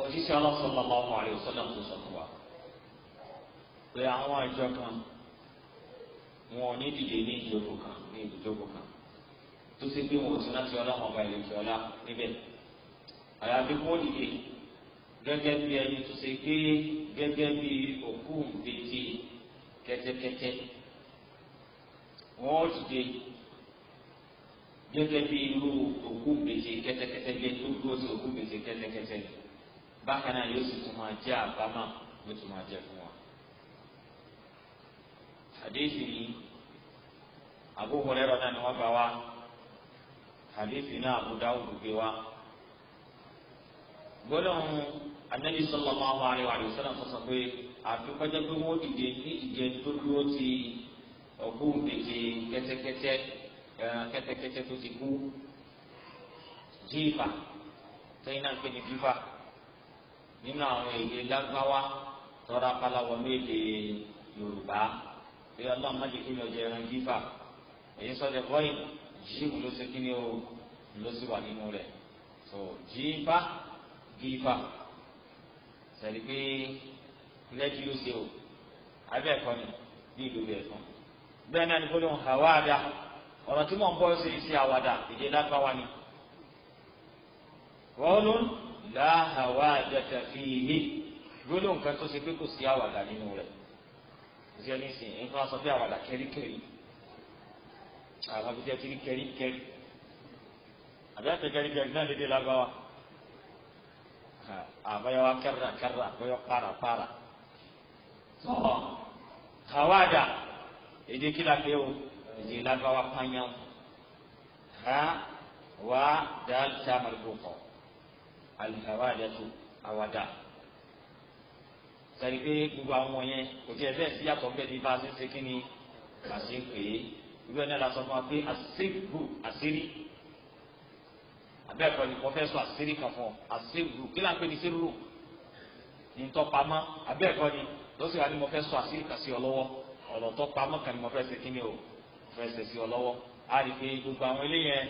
òṣìṣẹ́ ọlọ́sọ̀lọ́ ọmọ àlè òṣèlú ọ̀hún sọ fún wa pé àwọn àjọ kan wọn ò ní dìde ní ìjókòó kan ní ìjókòó kan tó ṣe pé wọn ò sí láti ọlọ́mọ ọba ìlú ìjọba níbẹ̀ àyàfi kó dìde gẹ́gẹ́ bí ẹni tó ṣe pé gẹ́gẹ́ bí òkú bèjì kẹ́tẹ́kẹ́tẹ́ wọn ò dìde gẹ́gẹ́ bí irú òkú bèjì kẹ́tẹ́kẹ́tẹ́ gẹ́gẹ́ bí irú òkú bèjì kẹ́tẹ́kẹ́tẹ́ yìí bákan náà yóò sì tún máa jẹ́ àbámà yóò tún máa jẹ́ fún wa. hadithi yìí Abu Hurairah náà ni wọ́n gbà wá hadithi náà Abu Dawud gbé wá. gbólóhùn anabi sallallahu alaihi wa sallam sọsọ pé àfi kọjá pé wọ́n dìde ní ìjẹ tó dúró ti ọgbọ́n gbèsè kẹ́tẹ́kẹ́tẹ́ kẹ́tẹ́kẹ́tẹ́ tó ti kú jíìfà tẹ́yìn náà ń ní jíìfà nínú àwọn èdè lágbáwá tọ́ra palawọ méje yorùbá pé ọlọ́run má jẹ́ kí mi ò jẹ ẹran jífà èyí sọ́jà bọ́yì jíìmù ló ṣe kí ni o ló sì wà nínú rẹ̀ tó jífà jífà sẹ́ni pé lẹ́jú ló ṣe o abẹ́ ẹ̀kọ́ ni ní ìlú rẹ̀ fún bẹ́ẹ̀ náà ni gbólóhùn àwàdà ọ̀rọ̀ tí mò ń bọ́ sí sí àwàdà èdè lágbáwá ni. wọ́n lóun láhàwá àjàkà fi ìhí gbólóhùn kan tó ṣe pé kò sí àwàdà nínú rẹ̀ kò sí ẹni sìn nǹkan sọ pé àwàdà kẹríkẹrí àwọn abijá ti rí kẹríkẹrí àbí àti kẹríkẹrí náà lédè lágbáwá àbáyọwá kẹrà kẹrà àbáyọ para para tọ àwàdà èdè kí la o èdè lágbáwá pányáwó ha wá dáa tá a máa gbó kọ alùsàwádẹ́tù àwàdà sẹ́ni pé gbogbo àwọn yẹn kò jẹ́ bẹ́ẹ̀ sí yàtọ̀ bẹ́ẹ̀ bí bá a ṣe ṣe kí ni bá a ṣe ń pè é ìwé náà la sọ fún wa pé àṣìbù àṣírí abẹ́ẹ̀kọ́ ni wọ́n fẹ́ sọ àṣírí kan fún ọ àṣìbù kí láǹpé ni sírúrù nítọ́ pamọ́ abẹ́ẹ̀kọ́ ni lọ́sẹ̀ wa ni mo fẹ́ sọ àṣírí kan sí ọ lọ́wọ́ ọ̀rọ̀ tó pamọ́ kan ni mo fẹ́ ṣe kí ni o fẹ́ ṣe sí ọ lọ́wọ́ a rí i pé gbogbo àwọn eléyẹn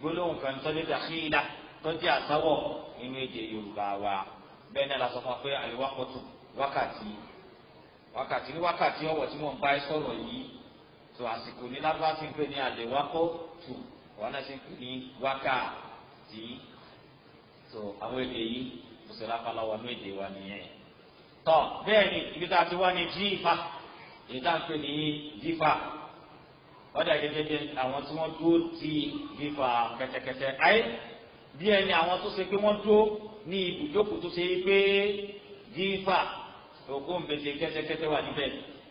gbólóhùn kan tọ́jú dàkílà tó jẹ́ àsáwọ̀ nínú èdè Yorùbá wa bẹ́ẹ̀ náà la sọ fún wa pé àlùwàkọ̀tù wákàtí wákàtí ní wákàtí ọ̀wọ̀ tí wọ́n bá ẹ sọ̀rọ̀ yìí tó àsìkò ní lábá fi ń pè ní àlùwàkọ̀tù wọn náà sì ń pè ní wákàtí tó àwọn èdè yìí mùsùlùmí apaláwa ní èdè wa nìyẹn tọ bẹ́ẹ̀ ni ibi tá a ti wá ní jífa èyí tá a ń pè ní jífa ọ̀dà gẹ́gẹ́ bí àwọn tí wọ́n dúró ti jífa kẹ́tẹ́kẹ́tẹ́ bí ẹni àwọn tó ṣe pé wọ́n dúró ní ibùjókòó tó ṣe pé gífà òkú mbèsè kẹ́tẹ́kẹ́tẹ́ wà níbẹ̀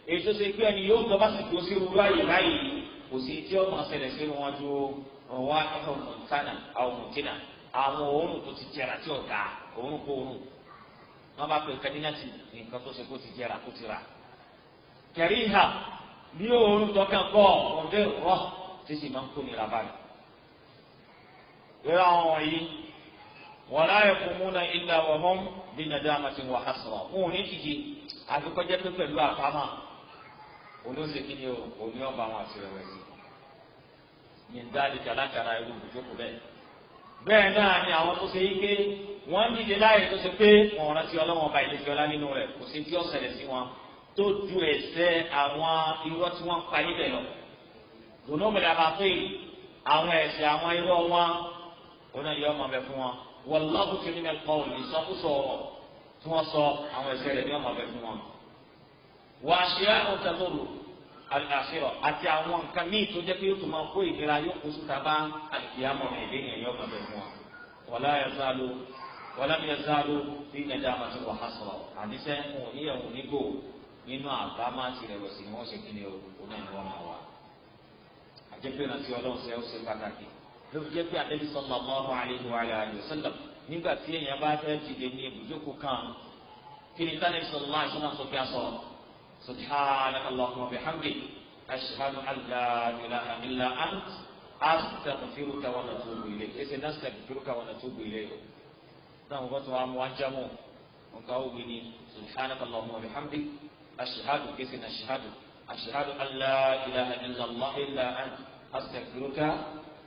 èyí tó ṣe pé ẹni yóò tọ́ bá sì kó sí irú báyìí báyìí kò sí tí ọmọ ṣẹlẹ̀ sí wọn ju ọwọ́ ọmọkánà àwọn mọ̀tínà àwọn òórùn tó ti jẹrà tí ọ̀gá òórùn kó òórùn wọn bá pè kẹ́dínyàtì nǹkan tó ṣe kó ti jẹrà kó ti rà kẹrí ìhà ní òórùn tọkàn kọ́ ọ̀dẹ́ rọ sì máa ń kó nira báyìí irú àwọn wọ̀nyí wọn láyé kùmúnà ilà wọ̀hún bí nàdàmà ti wà hásùrọ̀ wọn ò ní kìkì àfikọ́jẹ́ pé pẹ̀lú àpamọ́ olóṣèkí ni òní ọba àwọn àṣírẹ̀wẹ̀sì ní dáàdì kàlákàrà irú ìjókòó bẹ́ẹ̀ bẹ́ẹ̀ náà ni àwọn tó ṣe ike wọ́n ń dìde láàyè tó ṣe pé wọ́n rántí ọlọ́wọ́n ọba ìlẹ́jọ́ ọlá nínú rẹ̀ kò sí tí ó ṣẹlẹ̀ sí wọn tó ju ẹ̀ṣẹ̀ àwọn irọ́ tí wọ́n pa níbẹ̀ lọ. dùnú mi làbà pé àwọn ẹ̀ṣẹ̀ àwọn irọ́ wọn wọn náà yọ ọmọ bẹ fún wọn wọlọ́ọ̀bù tí onímọ̀ ẹ̀kọ́ òní ìsọkúsọ ọ̀rọ̀ tí wọ́n sọ àwọn ẹ̀ṣẹ̀ rẹ̀ ní ọmọ bẹ fún wọn. wà á ṣe àtẹnudù àṣírọ àti àwọn nǹkan míì tó pé yóò tún máa kó ìnira yóò kó síta bá àkìyàmọ̀ ẹ̀dẹ́ yẹn yọ ọmọ bẹ fún wọn. wọlá yazalu wọlá yazalu bí nàìjíríà máa ti wà á sọ̀rọ̀ àdìsẹ́ òun níyàwó nínú àbá máa ti rẹ̀wẹ̀sì ni wọ́n ṣe kí ló fi jẹ́ pé ànábì sallallahu alaihi wa alihi wasallam nígbà tí èèyàn bá fẹ́ dìde ní ibùjókòó kan kí ni tánàbí sallallahu alaihi wasallam sọ́kí aṣọ subhanaka allahumma wa bihamdik ashhadu an la ilaha illa ant astaghfiruka wa atubu ilayk ẹsẹ̀ náà astaghfiruka wa atubu ilayk o náà wọ́n tó wà mú ajámọ́ nǹkan ó wí ẹsẹ̀ náà ashhadu ashhadu an la ilaha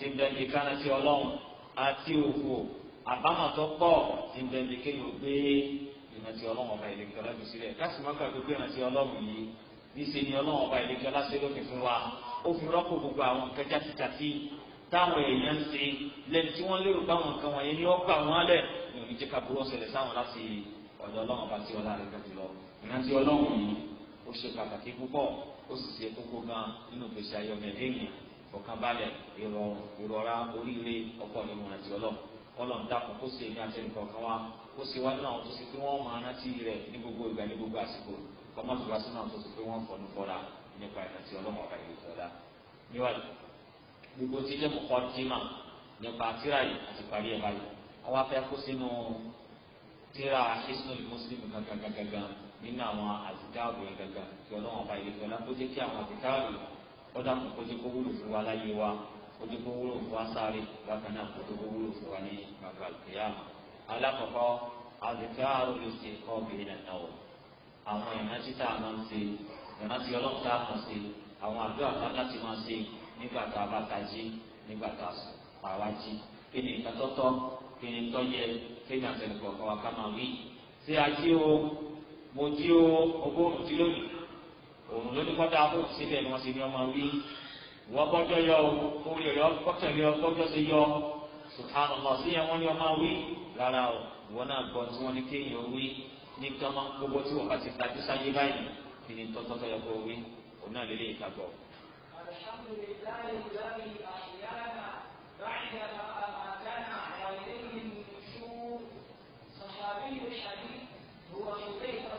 ti ń bẹ̀ẹ̀bì kánà sí ọlọ́run àti òfò àbámọ̀ tó pọ̀ ti ń bẹ̀ẹ̀bì kéèyàn gbé ìrántí ọlọ́run ọba ìlẹ̀kẹ́ ọlọ́run sílẹ̀ káṣí má gbàgbé pé ìrántí ọlọ́run yìí níṣẹ́ ni ọlọ́run ọba ìlẹ̀kẹ́ ọlọ́sẹ̀ ló fi fún wa ó fi rọ́pò gbogbo àwọn nǹkan jákèjádé táwọn èèyàn ń ṣe lẹ́nu tí wọ́n lérò báwọn nǹkan wọ̀nyẹn ni wọ́n gbà wọ́n lẹ̀ ní oníjẹ́ ká burú ọ̀sẹ̀ lẹ̀ sáwọn láti ọ̀dọ̀ ọlọ́run ọba tí ọlọ́run yìí ìfọ̀kànbalẹ̀ ìrọ̀ra oríire ọkọ ni mo rántí ọlọ́run kọlọ̀ ń dàpọ̀ kó ṣe ní àtẹnukọ̀ kan wá kó ṣe wá náà tó ṣe pé wọ́n máa rántí rẹ̀ ní gbogbo ìgbà ní gbogbo àsìkò kọ́mọ́tòlá sí náà tó ṣe pé wọ́n fọ̀nù fọ́ra nípa ìrántí ọlọ́run ọ̀rọ̀ ìlú ìjọba níwájú gbogbo tí jẹ́ mọ̀kọ́ dímà nípa tíra yìí àti parí ẹ̀ báyìí àwa fẹ́ kó sínú tíra hisnul muslim gangan gangan nínú àwọn àzìkáàbù gangan kí ọlọ́run ọba ìlú ìjọba kó jẹ́ kí àwọn àzìkáàbù kódà kò jẹ́ kó wúlò fún wa láyé wa kó jẹ́ kó wúlò fún wa sáré bákan náà kó jẹ́ kó wúlò fún wa ní bàbá àlùkìyàmù alákọ̀ọ́kọ́ àdìkáàrò ló ṣe kọ́ obìnrin náà náà àwọn ìrántí tá a máa ń ṣe ìrántí ọlọ́run tá a máa ṣe àwọn àdúrà tá a láti máa ṣe nígbà tá a bá ta jí nígbà tá a sùn pa wá jí kí ni nǹkan tọ́tọ́ kí ni tọ́ kí ni àtẹnukọ̀ọ̀kan wa ká máa wí. ṣé a jí o mo jí o ogórùn tí lónìí òun ló ní kọ́tà kó síbẹ̀ ni wọ́n ti ní ọmọ wí wọ́n gbọ́dọ̀ yọ orí ọ̀yọ́ gbọ́dọ̀ yọ gbọ́dọ̀ sí yọ subhanallah sí yẹn wọ́n ní ọmọ wí rárá o wọ́n náà gbọ́ tí wọ́n ní kéèyàn wí ní kí wọ́n gbogbo tí wọ́n bá ti tajú sáyé báyìí kí ni tọ́tọ́tọ́ yọ kó wí òun náà lè lè ká gbọ́. alhamdulillahi lórí àyàrá báyìí الحديث هو حذيفة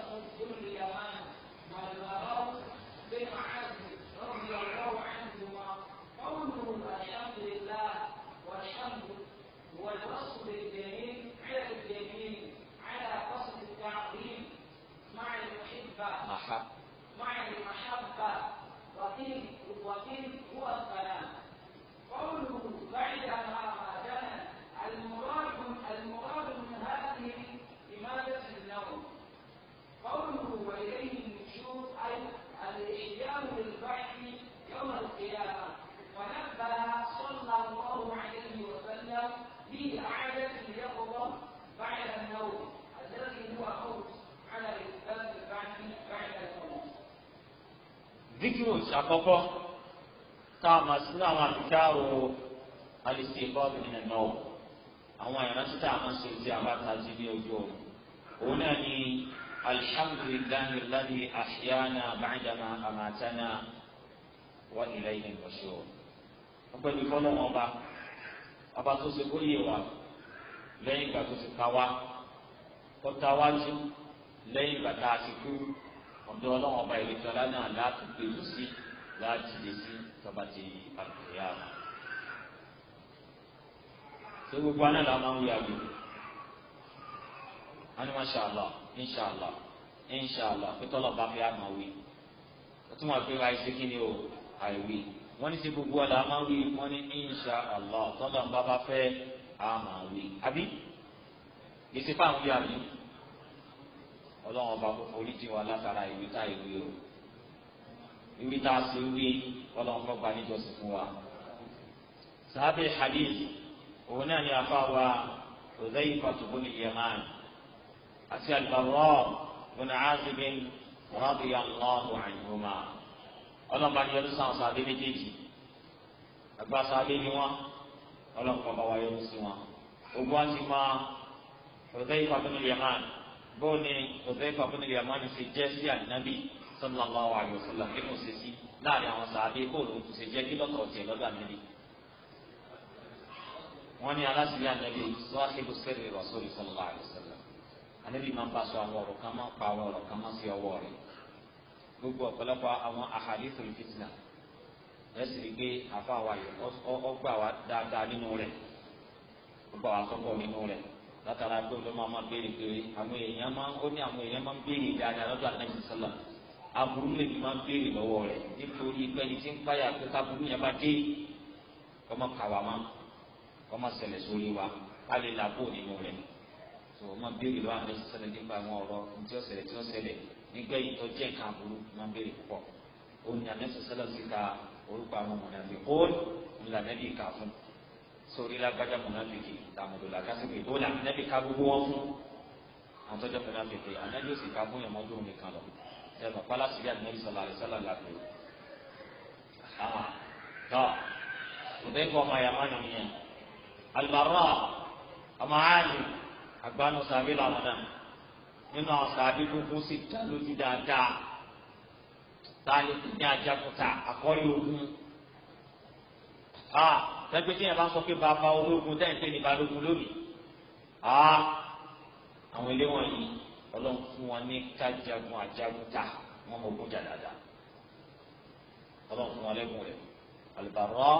fídíòs àkọ́kọ́ tá a máa sínú àwọn àbíkárò àlìsí bọ́ọ̀lù nínú ẹ̀nà o àwọn ìrántí tá a máa ṣe ti àbátají ní ojú ọ̀run òun náà ni alhamdulillahi alladhi ahyana ba'dama amatana wa ilayhi al-nushur ọpẹ́ ní fọ́lọ́wọ́n ọba ọba tó ṣe kó yé wa lẹ́yìn ìgbà tó ti ká wa kó ta wájú lẹ́yìn ìgbà tá a ti kú ọ̀dọ̀ ọlọ́wọ́n ọba ìrètọ́lá náà láti gbé lù sí láti lè sí tọ́ba ti àgbẹ̀yà rẹ̀. ṣé gbogbo aná la máa ń wí àgbẹ̀? a ní masha Allah insha Allah insha Allah pétọ́lọ̀ bá fi àmọ́ wí. ó tún wà pé àìsí kí ni o àìwí. wọ́n ní ṣe gbogbo ọ̀la máa ń wí wọ́n ní insha Allah tọ́lọ̀ bá bá fẹ́ àmọ́ wí. àbí? ìsìnkú àwọn wí àbí? ọlọ́run ọba forí ti wà látara ìwé tá ìwé o ìwé tá a sì wí ọlọ́run fọgbà níjọsìn fún wa. sábẹ́ hadith òun náà ni afa wa Hudhayfa bin Yaman àti Al-Barra bin Azib radiyallahu anhuma ọlọ́run bá ní ọdún sáwọn sábẹ́ méjèèjì àgbà sábẹ́ ni wọ́n ọlọ́run kọ́ bá wa yọrù sí wọn ogun àti máa Hudhayfa bin Yaman bóun ni òṣèlú fàkúndé yamani ṣe jẹ́ sí ànábì sallallahu alaihi wasallam kí mo ṣe sí láàrin àwọn sàábé bóun ló ṣe jẹ́ kí lọ́tọ̀ ọ̀tẹ̀ lọ́dọ̀ ànábì. wọ́n ní aláṣìírí ànábì sọ́wọ́sẹ́bù sẹ́rẹ̀ rọ̀ṣọ́lì sallallahu alaihi wasallam ànábì máa ń bá aṣọ àwọn ọ̀rọ̀ kan máa pa àwọn ọ̀rọ̀ kan máa sí ọwọ́ rẹ̀ gbogbo ọ̀pọ̀lọpọ̀ àwọn látara pé olóòmọ máa béèrè pé àwọn èèyàn máa ó ní àwọn èèyàn máa ń béèrè dáadáa lọ́dọ̀ àlẹ́sì sọ́lá aburú lè fi máa ń béèrè lọ́wọ́ rẹ̀ nítorí pé ẹni tí ń páyà pé káburú yẹn bá dé kọ́mọ kàwá máa kọ́mọ ṣẹlẹ̀ sórí wa ká lè làbò nínú rẹ̀ tó o máa béèrè lọ́wọ́ àlẹ́sì sọ́lá nípa àwọn ọ̀rọ̀ tí ó ṣẹlẹ̀ tí ó ṣẹlẹ̀ nígbà tó sórí lágbájá mọ̀nàfíkì tàmùdùlà kásìkè tó ní ànábì ká gbogbo wọn fún àtọ́jọ́ mọ̀nàfíkì ànábì ó sì ká fún ìyàmọ́jú omi kan lọ ẹ̀rọ pálásì bí ànábì sọ̀lá àlùsọ́lá làbẹ̀ tọ́ ọ̀dẹ́kọ̀ ọmọ àyàmá nìyẹn alùbárà ọmọ ààyè àgbánu sàbí làwọn náà nínú àwọn sàbí gbogbo sì dá lójú dáadáa táyé ní ajakuta àkọ́rí ogun tẹ́gbẹ́ tí yẹn bá ń sọ pé bàbá ológun tẹ́ ń pè ní balógun lónìí a àwọn ilé wọn yìí ọlọ́run fún wọn ní kájagun àjagunta wọn mọ ogun jà ọlọ́run fún wọn lẹ́gùn rẹ̀ alùbárọ́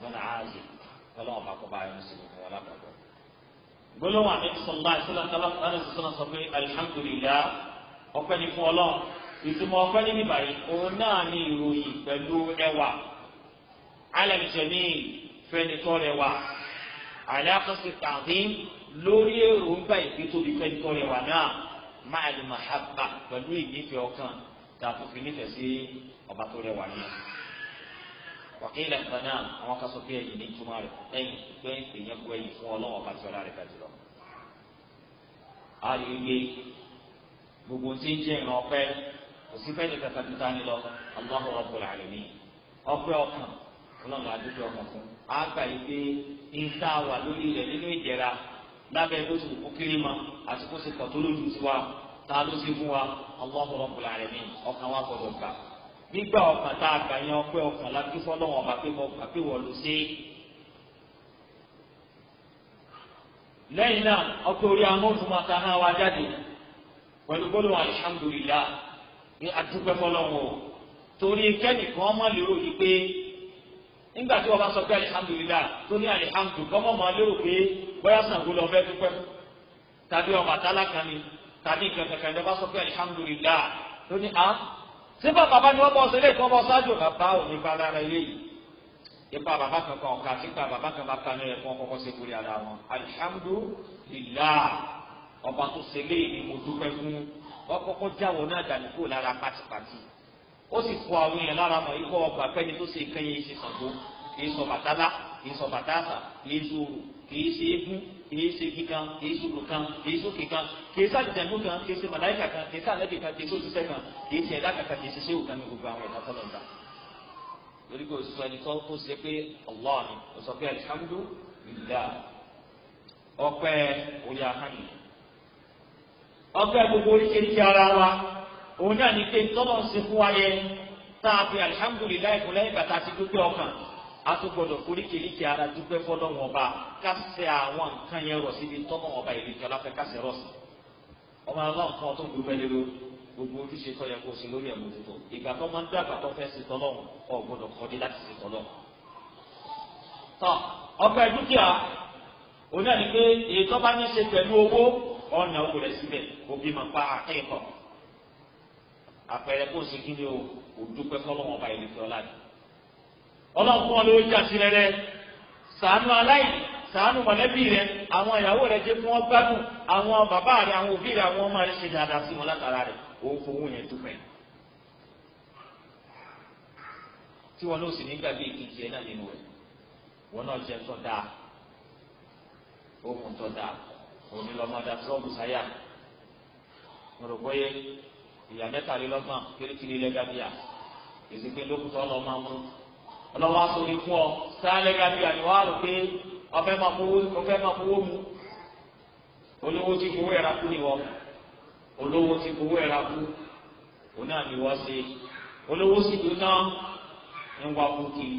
wọn náà á yẹ ọlọ́run bá kọ́ bá yọ sí fún wọn lápapọ̀. gbólóhùn àmì sọlá ìṣẹ̀lẹ̀ ńlá sọlá sọ pé alihamdulilayi ọpẹ́ ni fún ọlọ́run ìtumọ̀ ọpẹ́ ní níbàyí òun náà ní ìròyìn pẹ̀lú ẹwà alẹ́jẹ̀mí fẹ́ni tó rẹwà alákọ̀ọ́sì tààdín lórí èròǹgbà ìgbé tóbi fẹ́ni tó rẹwà náà máa lè máa hábà pẹ̀lú ìnífẹ̀ẹ́ ọkàn tààtò fi nífẹ̀ẹ́ sí ọba tó rẹwà náà. wàkìlì àgbàna àwọn kaso bí ẹ̀yìn ní túmọ̀ rẹ̀ ẹ̀yìn pé ń pè yẹn kú ẹ̀yìn fún ọlọ́wọ́ bá sọ̀rọ̀ rẹ̀ bẹ̀rẹ̀ lọ. a lè gbé gbogbo tí ń jẹ́ ìran ọpẹ́ kò sí fẹ́ẹ́ ọlọ́run àdúgbò ọkàn fún a gbà yí pé ìta wà lórí rẹ̀ nínú ìjẹra lábẹ́ tó sì kú kiri ma àti kó sì pọ̀tó lójú sí wa ta ló sì fún wa Allahu Rabbul Alamin ọkàn wa gbọdọ̀ gbà nígbà ọkàn tá a gbà yẹn ọpẹ́ ọkàn lájú fọlọ́wọ́n ọba pé wọ́n gbà pé wọ́n lò sí. lẹ́yìn náà ọkọ̀ orí amóhùnmáta hàn wá jáde pẹ̀lú gbólóhùn alhamdulillah adúpẹ́ fọlọ́wọ́n torí kẹ́nìkan ọmọ lérò yìí pé nígbà tí wọ́n bá sọ pé alihamudulilá tó ní alihamudu kọ́mọ́ máa lérò pé bóyá Ṣàngó lọ fẹ́ dúpẹ́ tàbí Ọbàtálá kan ni tàbí kankankan ló bá sọ pé alihamudulilá tó ní a. Ah, síbà bàbá ni wọ́n bọ́ sílé kí wọ́n bọ́ sáájú bàbá ò ní bá lára ilé yìí. ipa bàbá kankan ọ̀ka sípa bàbá kan bá ta ní ẹ̀fọn kọ́kọ́ sí kúrẹ́ ara wọn alihamudulilá ọba tó sílé ni mo dúpẹ́ fún wọ́n kọ́kọ́ jáwọ́ náà dànù kó lára pátípátí ó sì kó àwọn èèyàn lára mọ̀ ikọ́ ọgbà pẹ́ni tó ṣe ìkẹyìn ìṣe Ṣàngó kìí sọ bàtálá kìí sọ bàtàṣà kìí sọ òrò kìí ṣe egun kìí ṣe kíkan kìí ṣòro kan kìí ṣòkè kan kìí ṣàjẹmú kan kìí ṣe màláìkà kan kìí ṣàlẹ́bì kan kìí ṣòṣìṣẹ́ kan kìí ṣe ẹ̀dá kankan kìí ṣe ní gbogbo àwọn ẹ̀dá lórí kò sọ ẹni tó kó ṣe pé Ọ ara òun náà ní pé tọ́lọ̀ ń ṣe fún wa yẹn tá a fi alihamudulilayi fún lẹ́yìn bàtà ti dúpẹ́ ọkàn a tún gbọdọ̀ koríkèéríkèé ara dúpẹ́ fọlọ́wọ́n ọba ká ṣe àwọn nǹkan yẹn rọ̀ síbi tọ́lọ̀ ọba ìrìnkè ọláfẹ́ ká ṣe rọ̀ sí. ọmọ aláwọ̀ kan tó ń dúpẹ́ lé lórí gbogbo ojúṣe tọ́ yẹ kó o ṣe lórí ẹ̀mú tuntun ìgbà tó máa ń dàgbà tó fẹ́ ṣe tọ́lọ̀ ọ kọ́ àpẹẹrẹ kó sì kí ni o kò dúpẹ́ fọlọ́wọ́n ọba ìlú fi ọlá ni. ọlọ́run kan ló jà sí rẹ rẹ sàánú aláìní sàánú mọ̀lẹ́bí rẹ àwọn ìyàwó rẹ jẹ́ fún wọn gbádùn àwọn bàbá rẹ àwọn òbí rẹ àwọn ọmọ rẹ ṣe dáadáa sí wọn látara rẹ òun fowó yẹn dúpẹ́. tí wọn ló sì ní gbàgbé ìkejì ẹ náà nínú rẹ wọn náà jẹ ìyá mẹ́tàlélọ́gbọ̀n kérékìlì lẹ́gàbíà èsì pé lókùtọ̀ ọlọ́ máa mú ọlọ́wọ́ aṣọ́ni fún ọ sáà lẹ́gàbíà ni wàá rò pé ọfẹ́ máa fowó mu olówó ti fowó ẹ̀ra kú ni wọ́n olówó ti fowó ẹ̀ra kú òun náà ni wọ́n ṣe olówó sì dùn náà ń wá kú kiri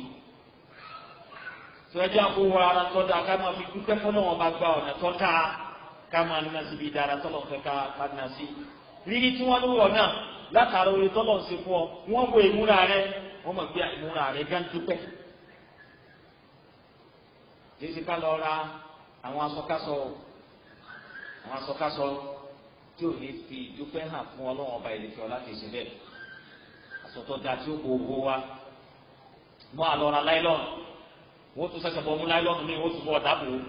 sọjá kó wọ ara tó dáa ká máa fi dúpẹ́ fọlọ́wọ́n bá gba ọ̀nà tó dáa ká máa ná síbi dára tọ́lọ̀ fẹ́ ká ná sí rírí tí wọ́n lówó náà látara orí tọ́lọ̀ ń ṣe fún ọ wo ìmúra rẹ wọn mọ̀ ìmúra rẹ gán dúpẹ́. jésù ká lọ ra àwọn asọkásọ àwọn ní fi dúpẹ́ hàn fún ọlọ́run ọba ìlẹ̀fẹ́ ọláfi ṣe bẹ́ẹ̀ àsọtọ́ da tí ó wa mọ́ àlọ́ra wọ́n tún bọ́ mú mi wọ́n tún bọ́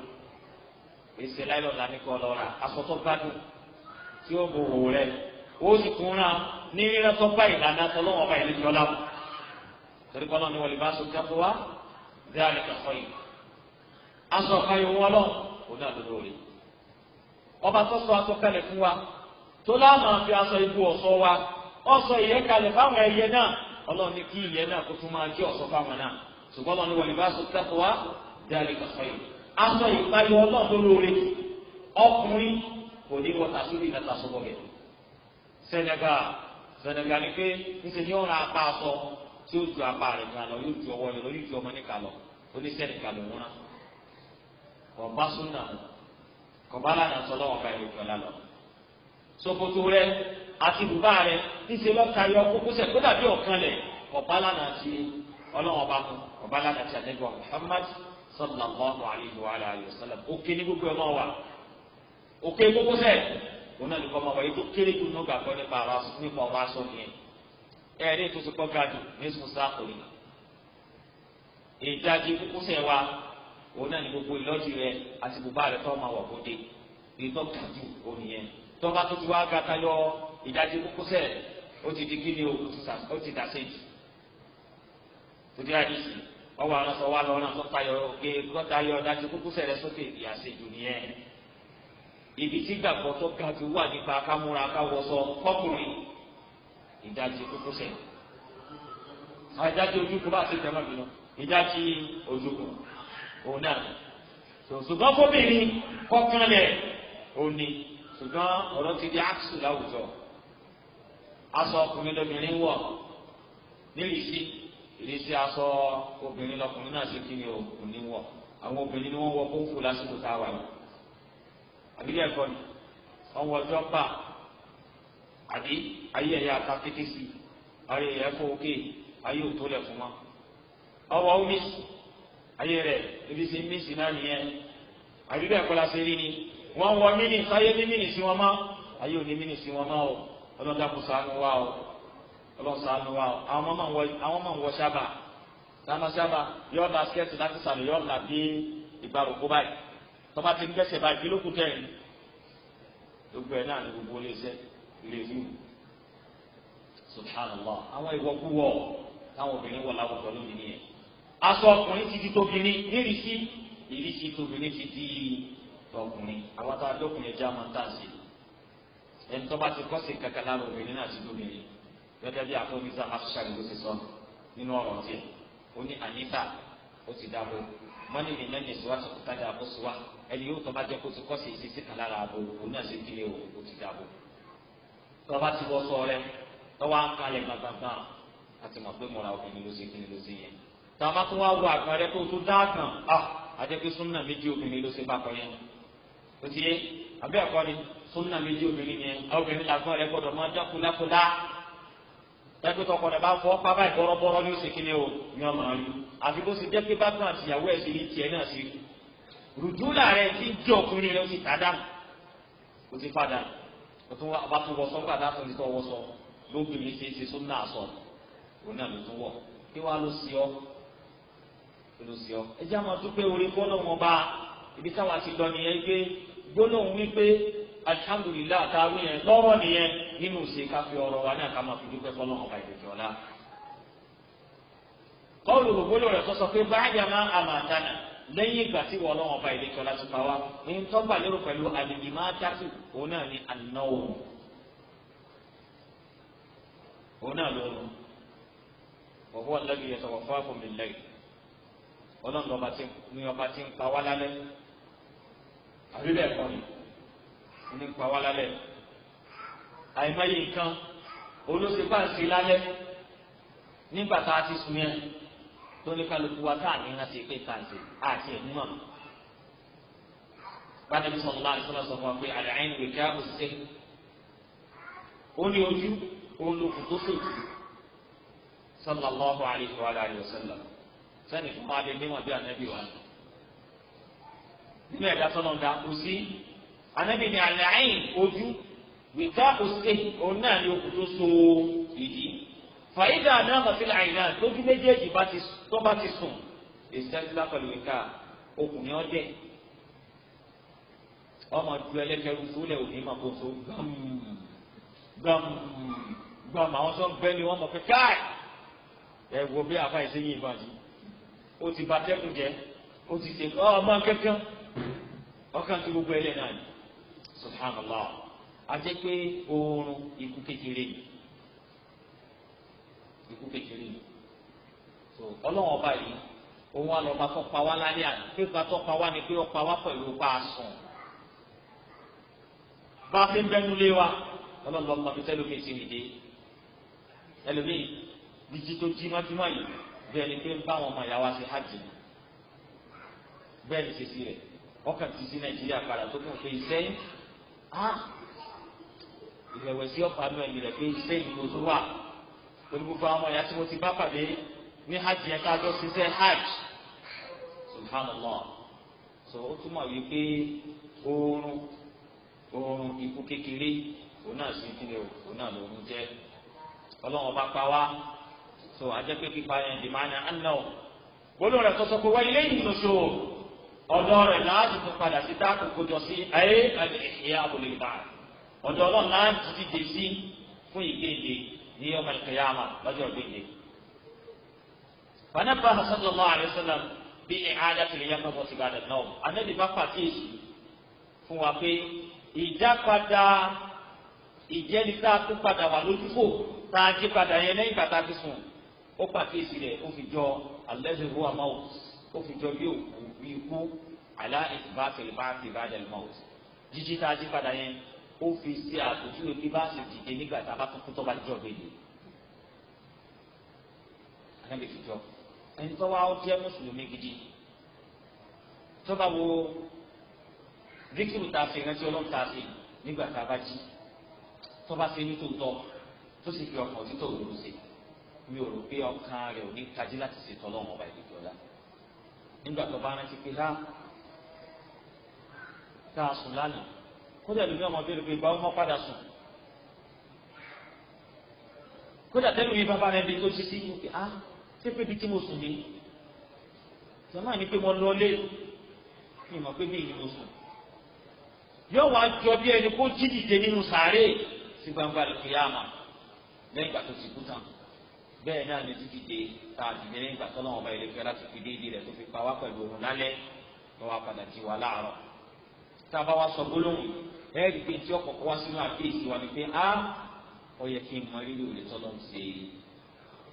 èsì la ní kọ́ lọ́ra àsọtọ́ tí ó bu òwò rẹ ó sì tún ra ní rírẹ́ tó bá ìlànà tọ́lọ́wọ́ bá ìlú jọlá mu torí kọ́nà ni wọ́n lè bá aṣọ jáfọ́ wá bí alẹ́ kẹfọ́ yìí aṣọ àkàyọ wọn lọ òun àdúró rẹ ọba tó sọ aṣọ kalẹ̀ fún wa tó láàmà fi aṣọ ibu ọ̀ṣọ́ wa ọ̀ṣọ́ ìyẹ́ kalẹ̀ fáwọn ẹyẹ náà ọlọ́run ní kí ìyẹn náà kó tún máa jẹ́ ọ̀ṣọ́ fáwọn náà ṣùgbọ́n lọ́ni wọlé bá aṣọ tẹ́kọ̀ wá dé àlè kàṣọ yìí aṣọ ìpayọ ọlọ́run lóore ọkùnrin kòdìwọ̀ tasúbì náà tasọ́bọ̀ gẹ̀. Senegal Senegal ni pé níṣẹ́ ni ó ra apá aṣọ tí ó ju apá rẹ̀ kan lọ yóò ju ọwọ́ rẹ̀ lọ yóò ju ọmọ níka lọ oní Senegal ló wọ́n kọ̀ọ̀bá súnà kọ̀ọ̀bá lànà sọ́dọ̀ ọ̀gá ìlú ìjọba lọ. Ṣòkòtò rẹ̀ àti bùbá rẹ̀ níṣẹ́ lọ́ka yọ kókósẹ̀ kó dàbí ọ̀kan lẹ̀ kọ̀ọ̀bá lànà ti ọlọ́wọ́n bá mú kọ̀ọ̀bá lànà ti àdébọ̀ Muhammad sallallahu alayhi wa sallam ó kéde gbogbo ẹ̀ náà wà òkè kókósẹ̀ òun náà nìkan ọmọ èyí tó kéré jù nígbà kan nípa ọ̀rọ̀ aṣọ nìyẹn ẹ̀ẹ́dẹ́ tó ti kọ́ gàdù mẹ́sùn sáàkó ni ìdajì kókósẹ̀ wa òun náà ní gbogbo ìlọ́jì rẹ àti bùbá rẹ tó máa wọ̀ kó dé ìtọ́ gàdù òun yẹn tọ́ba tó ti wá gàtà yọ ìdajì kókósẹ̀ ó ti di kíni o ó ti dà séjì tó dé àdìsí ọwọ́ àwọn sọ wá lọ́rùn àtọ́tayọ̀ òkè kọ́tayọ̀ ìdajì kókósẹ̀ rẹ sókè ìyàsẹ́jù nìyẹn ibi tí gbàgbọ́ tó ga jù wà nípa kámúra káwọsọ fọkùnrin ìdajì kúkú sẹ ìdajì ojúkùn bá ti tẹ̀ mọ́ mi lọ ìdajì ojúkùn òun náà ṣùgbọ́n fóbìnrin kọ́kàn lẹ̀ òní ṣùgbọ́n ọ̀rọ̀ ti di àkùsù láwùjọ aṣọ ọkùnrin lóbìnrin wọ̀ nílìsí ìrísí aṣọ obìnrin lọkùnrin náà ṣe kí ni òní wọ̀ àwọn obìnrin ni wọ́n wọ kóńfù lásìkò tá a wà yìí àbílẹ̀ ẹ̀kọ́ ni ọwọ́ ọjọ́ pa àbí ayé ẹ̀yà ata kété sí ayé ẹ̀yà ẹ̀fọ́ òkè ayé òtó lẹ̀ fún wa ọwọ́ omi ayé rẹ̀ ebi sí mí sí náà nìyẹn àbílẹ̀ ẹ̀kọ́ la ṣe rí ni wọ́n wọ mí ní sáyé ní mí ní sí wọn má ayé òní mí ní sí wọn má o ọlọ́dà kò sànù wa o ọlọ́dà sànù wa o àwọn máa ń wọ sábà sábà sábà yọ ọ́ basket láti sàlẹ̀ yọ làbí ìgbàlùkù báyìí tọ́ba ti ń gbẹ́sẹ̀ báyìí kí ló kù tẹ́yìn gbogbo ẹ̀ náà ni gbogbo lè ṣe review subhanallah àwọn ìwọkúwọ táwọn obìnrin wọ̀ láwùjọ lónìí nìyẹn aṣọ ọkùnrin ti di tóbìnrin nírìsí ìrísí tóbìnrin ti di tọkùnrin àwọn tá a dọkùnrin já máa ń tà sí ẹni tọ́ba ti kọ́sì kankan lára obìnrin náà ti dóbìnrin gẹ́gẹ́ bí àfọwọ́nìsá afṣà ló ti sọ nínú ọ̀rọ̀ tiẹ̀ ó ní àníta ó ti dábò mọ́nìlì náà ní ìṣúwàsókòtàdà àkóṣùwà ẹni yóò tọ́ bá jẹ́ kó ti kọ́ sí ìṣesí kan lára àbò òun náà ṣe kílé o kò ti dàbò tọ́ bá ti wọ́ sọ rẹ tọ́ wá ń kalẹ̀ gbàgbàgbà àti mọ̀ pé mọ̀ra obìnrin ló ṣe kí ni ló ṣe yẹn tọ́ a bá tún wá wọ àgbọn rẹ kó o tún dá àgbọn à àjẹpé méjì obìnrin ló ṣe bákan yẹn o ti yé àbí ẹ̀kọ́ ni súnà méjì obìnrin yẹn obìnrin làgbọn rẹ gbọdọ̀ máa já kúlákúlá dájú tọkọ rẹ bá fọ pábá ìbọrọbọrọ ní oṣù kìnìún ni ọmọ rẹ àfi bó jẹ́ pé bá rùdúlà rẹ̀ ti jẹ́ ọkùnrin rẹ̀ ó ti tà dànù ó ti fa dànù ó tún wá tún wọ sọ́gbà dáàtún ní tọ́wọ́ sọ lóbìnrin ṣe é ṣe sóńdà sọ òun náà ló tún wọ̀ kí wàá sí ọ ló sí ọ. ẹ jẹ́ àwọn dúpẹ́ orí ọba ibi táwa ti lọ nìyẹn gbé gbólóhùn wípé alihamudulilayi yẹn lọ́rọ̀ nìyẹn nínú káfí wa náà ká fi dúpẹ́ fọlọ́hùn ọba ìdèjọ́ la. kọ́ọ̀lù sọ lẹ́yìn ìgbà tí wọ́n lọ́wọ́ ọba ìlẹ́kọ̀ọ́ láti pa wá ní tọ́gbà lérò pẹ̀lú àlejò máa dákì òun náà ní ànáwó òun náà ló lọ ọ̀bọ̀ ọ̀lẹ́bí yẹn sọ̀rọ̀ fún àkọ́mì lẹ́yìn ọlọ́run ọba tí ní ọba tí ń pa wá lálẹ́ àbí kọ́ ni ń pa wá lálẹ́ àìmọye nǹkan olóṣèpá ń ṣe lálẹ́ nígbà tá a ti sùn yẹn tó ní kálukú wa tá à ní láti pé kàǹtì àti ẹ̀mú mọ̀. Bàdébí sallallahu alaihi wasallam sọ fún wa pé àdáyìn lè ká òṣìṣẹ́. Ó ní ojú òun ló kù tó sèkì. Sallallahu alaihi wa alihi wasallam. Sẹ́ni fún wa níwọ̀n bí ànábì wa. Nínú ẹ̀dá sọ́nà ọ̀dà kò sí. Ànábì ni àdáyìn ojú. Wìká òṣìṣẹ́ òun náà ni okùn tó so ìdí fàyídà náà kàfi àyìnà lójú méjèèjì tó bá ti sùn ìsẹ́sílá pẹ̀lú ìka okùn ni ọ́ dẹ̀ ọmọ ju ẹlẹ́kẹ̀rú sólẹ̀ òní mà kó so gbàm gbàm gbàm àwọn sọ bẹ́ẹ̀ ni wọ́n mọ̀ pé káì ẹ wo bí àfa ìṣẹ́yìn ìbàdí ó ti ba tẹ́kùn jẹ́ ó ti ṣe ọ́ ọmọ kankan ọkàn tí gbogbo ẹlẹ́ náà ni subhanallah a jẹ́ pé oorun ikú kékeré yìí ikú kékeré ni so ọlọ́wọ́n ọba yìí òun àlọ́ba tó pa wá lálẹ́ àná pé ká tó pa wá ni pé ó pa wá pẹ̀lú pa sùn bá a fi ń bẹnu lé wa ọlọ́lọ́ ọmọ fi tẹ́lómi ti rìn dé ẹlòmí jíjí tó jí májúmọ́ yìí bẹ́ẹ̀ ni pé ń bá àwọn ọmọ ìyá wa ṣe hajj bẹ́ẹ̀ ni ṣe sí rẹ̀ ọkàn ti sí nàìjíríà padà tó kún fún iṣẹ́ yìí ah! ìrẹ̀wẹ̀sì ọ̀pá mi ò ní rẹ̀ pé iṣẹ́ ìgbòho wà pẹ̀lú gbogbo àwọn ẹ̀yà tí mo ti bá pàdé ní hajj yẹn ká jọ ṣiṣẹ́ hajj subhanallah so ó túmọ̀ wípé oorun oorun ikú kékeré òun náà sì kíni o òun náà ló ń jẹ ọlọ́run bá pa wá so ajẹ́ pé pípa yẹn dì máa ń yàn án gbólóhùn rẹ̀ sọ́sọ́ pé wá ilé yìí lóṣù ọ̀dọ́ rẹ̀ láti tún padà sí dáàbò kójọ sí ayé àti ìyá àbòlè ìbá ọ̀dọ́ ọlọ́run láti dìde sí fún ìgbéde ní ọmọ ìkẹyàmà lọ́jọ́ gbèdé. fanaba sallallahu alayhi wa sallam bí ìhádà tó lè yá kọ́ bọ́sí gbàdà náà anábì bá pàkíyèsí fún wa pé ìdápadà ìjẹ́ni tá a tún padà wà lójúfò tá a jí padà yẹn lẹ́yìn bàtà fi sùn ó pàkíyèsí rẹ̀ ó fi jọ alẹ́sẹ̀ hu amáwò ó fi jọ bí òkú bí ikú alá ìfúbá tẹlifá tẹlifá tẹlifá jíjí tá a jí padà yẹn ó fi ṣe àpòjúwe bí bá ṣe dìde nígbà tá a bá tuntun tó bá jọ gbèdè anábì fìjọ ẹni tó wá ó jẹ́ mùsùlùmí gidi tó bá wo ríkìrù tá a fi rántí ọlọ́run tá a fi nígbà tá a bá jí tó bá fi ní tòótọ́ tó sì fi ọkàn títọ̀ òru sí mi ò rò pé ọkàn rẹ̀ ò ní tají láti ṣètò ọlọ́run ọba ìdíjọ́ la nígbà tó bá rántí pé lá tá a sùn lánàá kódà lómi ọmọ bẹ̀rẹ̀ pé ìgbà ọmọ padà sùn kódà tẹ́lẹ̀ mi bàbá rẹ̀ bí tó ṣe sí yìí pé ah ṣé pé bí tí mo sùn ní jọ̀mọ́ ni pé mo lọ lé mi mọ̀ pé mi ì mo sùn yóò wá jọ bí ẹni kó jí dìde nínú sàárè sí gbangba lè fi àmà lẹ́yìn ìgbà tó ti kú tán bẹ́ẹ̀ náà ni dídìde tá a dìde lẹ́yìn ìgbà tó lọ́wọ́ ọba ìlẹ̀fẹ́ láti fi déédé rẹ̀ tó fi pa wá pẹ̀lú òun lálẹ́ lọ́wọ́ padà jí wa láàárọ̀ tá a bá wa sọ gbólóhùn ẹ̀rí pé tí ọkọ̀ọ̀kọ̀ wá sínú àkéèsí wa ni pé á ó yẹ kí n mọ rírì òde tọ́lọ̀ ń ṣe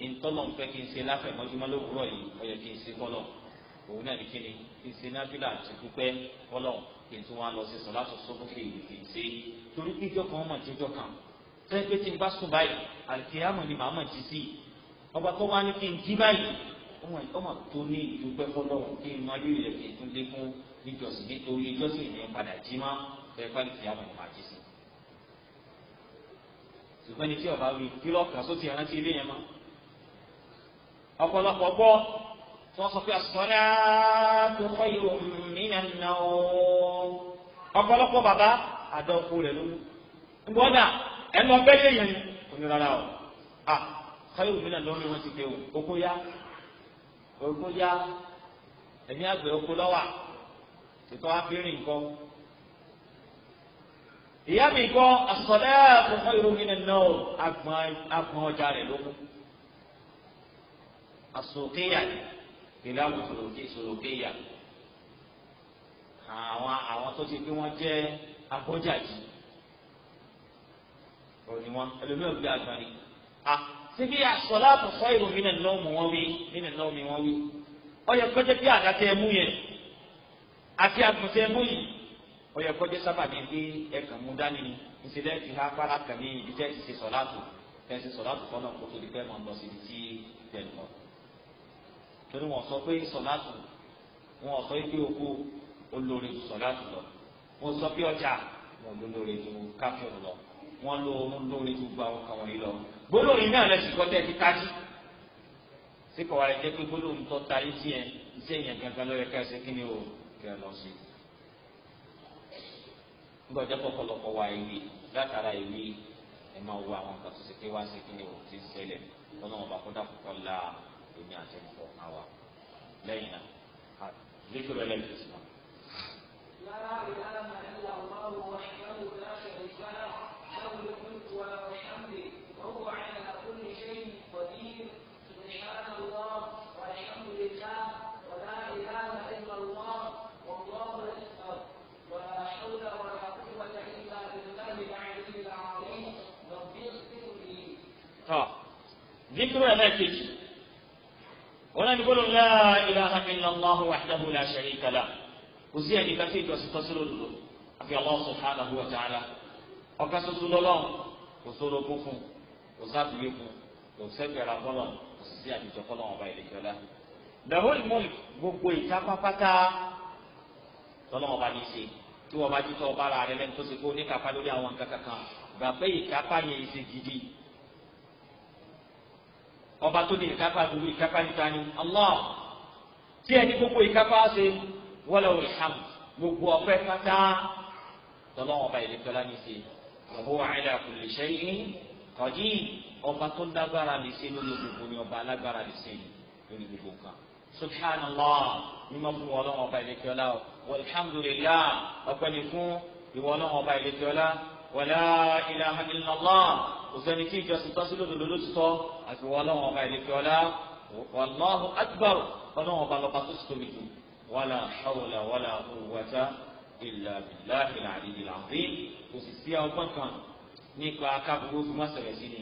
ìtọ́lọ̀ ń fẹ́ kí n ṣe láfẹ̀mọ́júmọ́ lówùúrọ̀ yìí ó yẹ kí n ṣe kọ́lọ̀ òun náà ní kí ni kí n ṣe nábìlà àti dúpẹ́ kọ́lọ̀ kí n tún wá lọ sí sọ̀lá sọ̀sọ́ fún kí n kì í ṣe torí kíjọ́ kan mọ̀ jíjọ́ kan tẹ́ pé tí n bá sùn báyìí àlùkìyàmọ̀ ni màá mọ̀ jí sí ọba tó wá ní kí n jí báyìí ọmọ tó ní ìdúpẹ́ kọ́lọ̀ kí n mọ rírì rẹ̀ kí n tún lé fún níjọ́sìn nítorí níjọ́sìn ìyẹn padà jí máa ẹ̀kọ́ ní tìyàmù ọ̀ma jí sí. ṣùgbọ́n ní tí ọba wí kílọ̀ kan sóti ẹ̀rántí ilé yẹn mọ́. ọ̀pọ̀lọpọ̀ gbọ́ tí wọ́n sọ pé àsọ̀rọ̀ tó kọ́ ìrò mìíràn náà ọ̀pọ̀lọpọ̀ bàbá àdọ́kù rẹ̀ ló ń bọ́dà ẹnu ọbẹ̀ lè yẹn onírara ọ̀ à kọ́ ìrò mìíràn lọ́wọ́ ni wọ́n ti gbé o okó yá okó yá ẹ̀mí àgbẹ̀ okó lọ́wà ètò ìyá mi kọ́ àsọ̀dá àkọ́kọ́ ìròmí nínú náà agbọ̀n ọjà rẹ̀ lókun. àsòkéyà ìlà sòròkéyà àwọn àwọn tó ti pé wọ́n jẹ́ abọ́jàjì òní wọn ẹlòmíràn bí agbọ̀n ni. síbi àsọ̀dá àkọ́kọ́ ìròmí nínú náà mú wọn wí nínú náà mú wọn wí. ó yẹ kó jẹ́ kí àdá tẹ àti àgùntàn mú yìí ọyọ kọjá sábàbí gbé ẹkàn mú dání ni ìṣẹ̀lẹ̀ ti ha pàrà kàn ní ibi tẹ́ ti ṣe sọ̀láàtù tẹ́ ti sọ̀láàtù fọ́nà kó tó di pẹ́ mọ̀ lọ sí ibi tí tẹ̀ lọ. torí wọn sọ pé sọ̀láàtù wọn sọ pé oko olórí ju sọ̀láàtù lọ wọn sọ pé ọjà wọn ló lórí ju káfíọ̀ lọ wọn ló ń lórí ju gba ọkàn wọn yìí lọ. gbólóyìn náà lẹ́sìn kọ́tẹ́ ti tájí síkọ̀ wa jẹ́ pé gbólóyìn tó ta iṣẹ́ yẹn iṣẹ́ yẹn gangan lọ́yẹ ká ẹsẹ̀ kí ni o kẹ́ lọ sí i nígbà ọjọ́ pọ̀pọ̀lọpọ̀ wa ìwé látara ìwé ẹ̀ máa wo àwọn nǹkan tó ṣe pé wá sí kí ni ò ti ń ṣẹlẹ̀ lọ́nà ọba kó dàpọ̀ la èmi àti ẹnì kọ̀ọ̀kan wa lẹ́yìn náà lójú rẹ̀ lẹ́yìn tó sùn. لا إله إلا الله وحده لا شريك له له الملك وله الحمد وهو على ذكر ẹlẹ́kejì wọn náà ní gbọ́dọ̀ la ilaha illallah wahdahu la sharika lah kò sí ẹni kan tí ìjọsìn tọ́sí lòlò àfi Allah subhanahu wa ta'ala ọ̀gá soso lọ́lọ́ kò sóró kó fún kò sábìlì fún kò sẹ́gbẹ̀rẹ̀ abọ́lọ̀ kò sì sí àdìjọ kọ́lọ́ ọba ìlẹ̀jọ́lá. dahul mulk gbogbo ìta pápátá tọ́lọ́ ọba ní í ṣe tí wọ́n bá jí tọ́ ọba ara rẹ lẹ́nu tó ṣe kó ní kápá lórí àwọn kankan gbà pé ìkápá yẹn ṣe gidi ọba tó ní ìkápá gbogbo ìkápá níta ni Allah tí ẹni gbogbo ìkápá ṣe wọlé olùhàm gbogbo ọpẹ́ pátá tọlọ́run ọba ìlẹtọlá ní ṣe ọbọ àìlà kò lè ṣe é kọjí ọba tó lágbára lè ṣe lórí gbogbo ni ọba alágbára lè ṣe lórí gbogbo kan subhanallah ni mo fún ọlọ́run ọba ìlẹtọlá walhamdulillah ọpẹ́ ni fún ìwọ ọlọ́run ọba ìlẹtọlá wàlá ilaha illallah òsèǹdì tí ìjọsìn tọ́sí lòdòdó ló ti tọ́ àti wọlọ́wọ́n ọba ìlẹ́fẹ́ ọlá wallahu akbar ọlọ́wọ́n ọba lọ́ba tó ti tóbi jù wàlá hawla wàlá quwwata illa billahi al-aliyyil azim kò sì sí ọgbọ́n kan nípa akábùrú fún mọ́sẹ̀rẹ̀ sí ni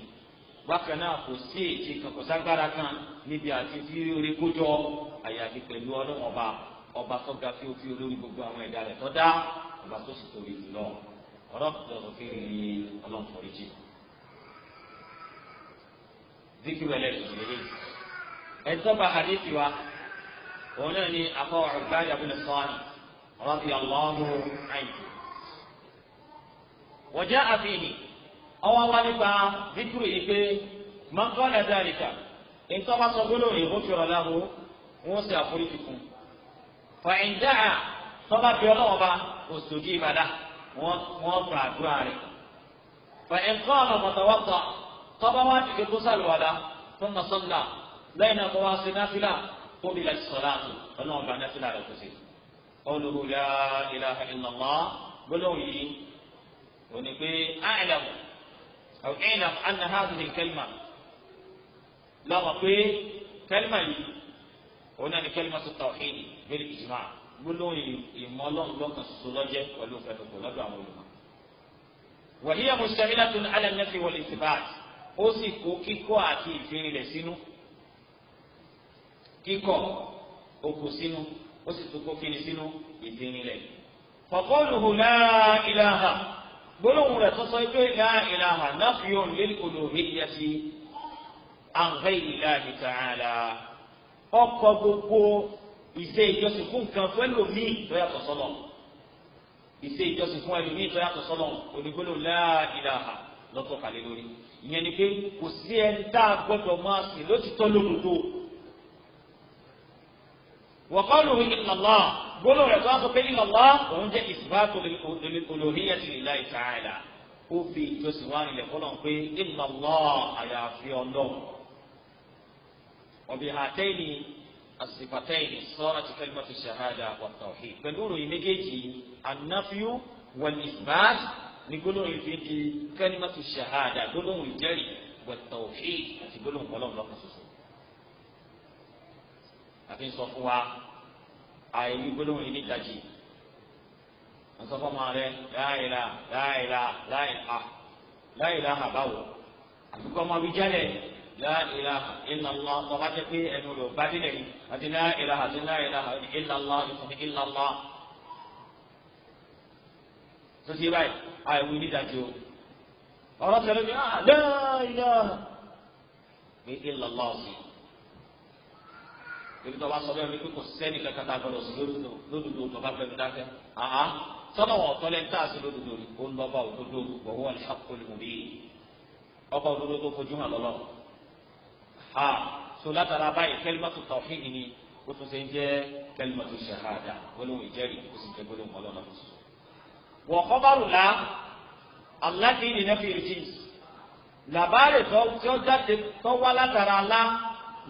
bákan náà kò sí èyí kan kan níbi àti fi orí kójọ àyàfi pẹ̀lú ọlọ́wọ́n ọba ọba tó ga fi orí gbogbo àwọn ẹ̀dá rẹ̀ tó dá ọba tó sì tóbi jù lọ. رب اغفر لي اللهم فرجي ذكر للمسلمين انتبه حديثي و هناني أخو عبادة بن الصالح رضي الله عنه وجاء فيه أو ولد ذكر إبي من قال ذلك انتبه صبره غفر له موسى فرجكم فإن دعا صبر في الله وسجيب له wọ́n sọ àdúrà rẹ̀. fẹ̀yìn kọ́ ọ̀nà mọ̀tàwọ́tà tọ́ba wá dìde kó sàlùwàdà fún masọ́lá lẹ́yìn náà kó wá sí náfìlà kó bí lẹ́sí sọ̀rọ̀ àtò ọlọ́run bá náfìlà rẹ̀ kùsì. olùkú la ilaha illallah gbólóhùn yìí ò ní pé àìlẹ̀mù àwọn ìlànà àná hàzìlì kẹlìmà lọ́wọ́ pé kẹlìmà yìí òun náà ni kẹlìmà tó tàwíìdì gbólóhùn ìmọ̀ ọlọ́run lọ́kàn ṣoṣo lọ́jẹ́ pẹ̀lú fẹnukò lọ́dọ̀ àwọn olùmọ̀. wàhíyà mustamilatun ala nafi wal ithbat ó sì kó kíkọ́ àti ìfinilẹ̀ sínú kíkọ́ òkú sínú ó sì tún kó kíni sínú ìfinilẹ̀. faqawluhu la ilaha gbólóhùn rẹ̀ sọ́sọ́ ibi la ilaha nafyun lil uluhiyyati ìṣe ìjọsìn fún nǹkan fún ẹlòmíì tó yàtọ̀ sọ́lọ̀ ìṣe ìjọsìn fún ẹlòmíì tó yàtọ̀ sọ́lọ̀ onígbóló láàdìláhà lọ́tọ̀ kàlẹ́ lórí ìyẹn ni pé kò sí ẹni tá a gbọ́dọ̀ máa sìn lótìtọ́ lódodo wọ́kọ́lù ìlàlá gbóló rẹ̀ tó wá pé ìlàlá òun jẹ́ ìsìbáàtò olóhìyàtì lillahi ta'ala ó fi ìjọsìn wá nílẹ̀ fọlọ́ pé ìlàlá àyàfi ọlọ́run الصفتين صارت كلمة الشهادة والتوحيد فنقول ينجي النفي والإثبات نقول في كلمة الشهادة نقول الجري والتوحيد نقول قلوب لك àfi sọ fún wa àìní gbólóhùn yìí nídajì wọn sọ fún ọmọ rẹ láìla láìla láìla láìla àbáwò àfikún ọmọ bíi jálẹ̀ láìláha ìlàlá tọ́ba jẹ́ pé ẹnu rẹ̀ bá délẹ̀ yìí àti láìláha àti láìláha ìlàlá ìsọ̀rọ̀ ìlàlá. tó ṣe báyìí àìwú nídàájọ́ ọ̀rọ̀ tẹ̀lé mi ah, láìláha mi ìlàlá sí i. ebi tọ́ba sọ bẹ́ẹ̀ ni pé kò sẹ́ni kankan tá a gbọ́dọ̀ sí lódodo tọ́ba fẹ́mi dákẹ́ àhá sọ́nà ọ̀tọ́lẹ̀ ń tà sí lódodo ó ń lọ́ba òdodo wọ̀wọ́ ọ̀lẹ́ ha so látara báyìí kalimatu tawhid ni ó tún ṣe ń jẹ́ kalimatu shahada gbólóhùn ìjẹ́rìí ó sì ń jẹ́ gbólóhùn ọlọ́run lọ́dún sọ. wọ́n kọ́bárù la aláàdì ní nẹ́fì rìjìs làbárè tó tí ó jáde tó wá látara la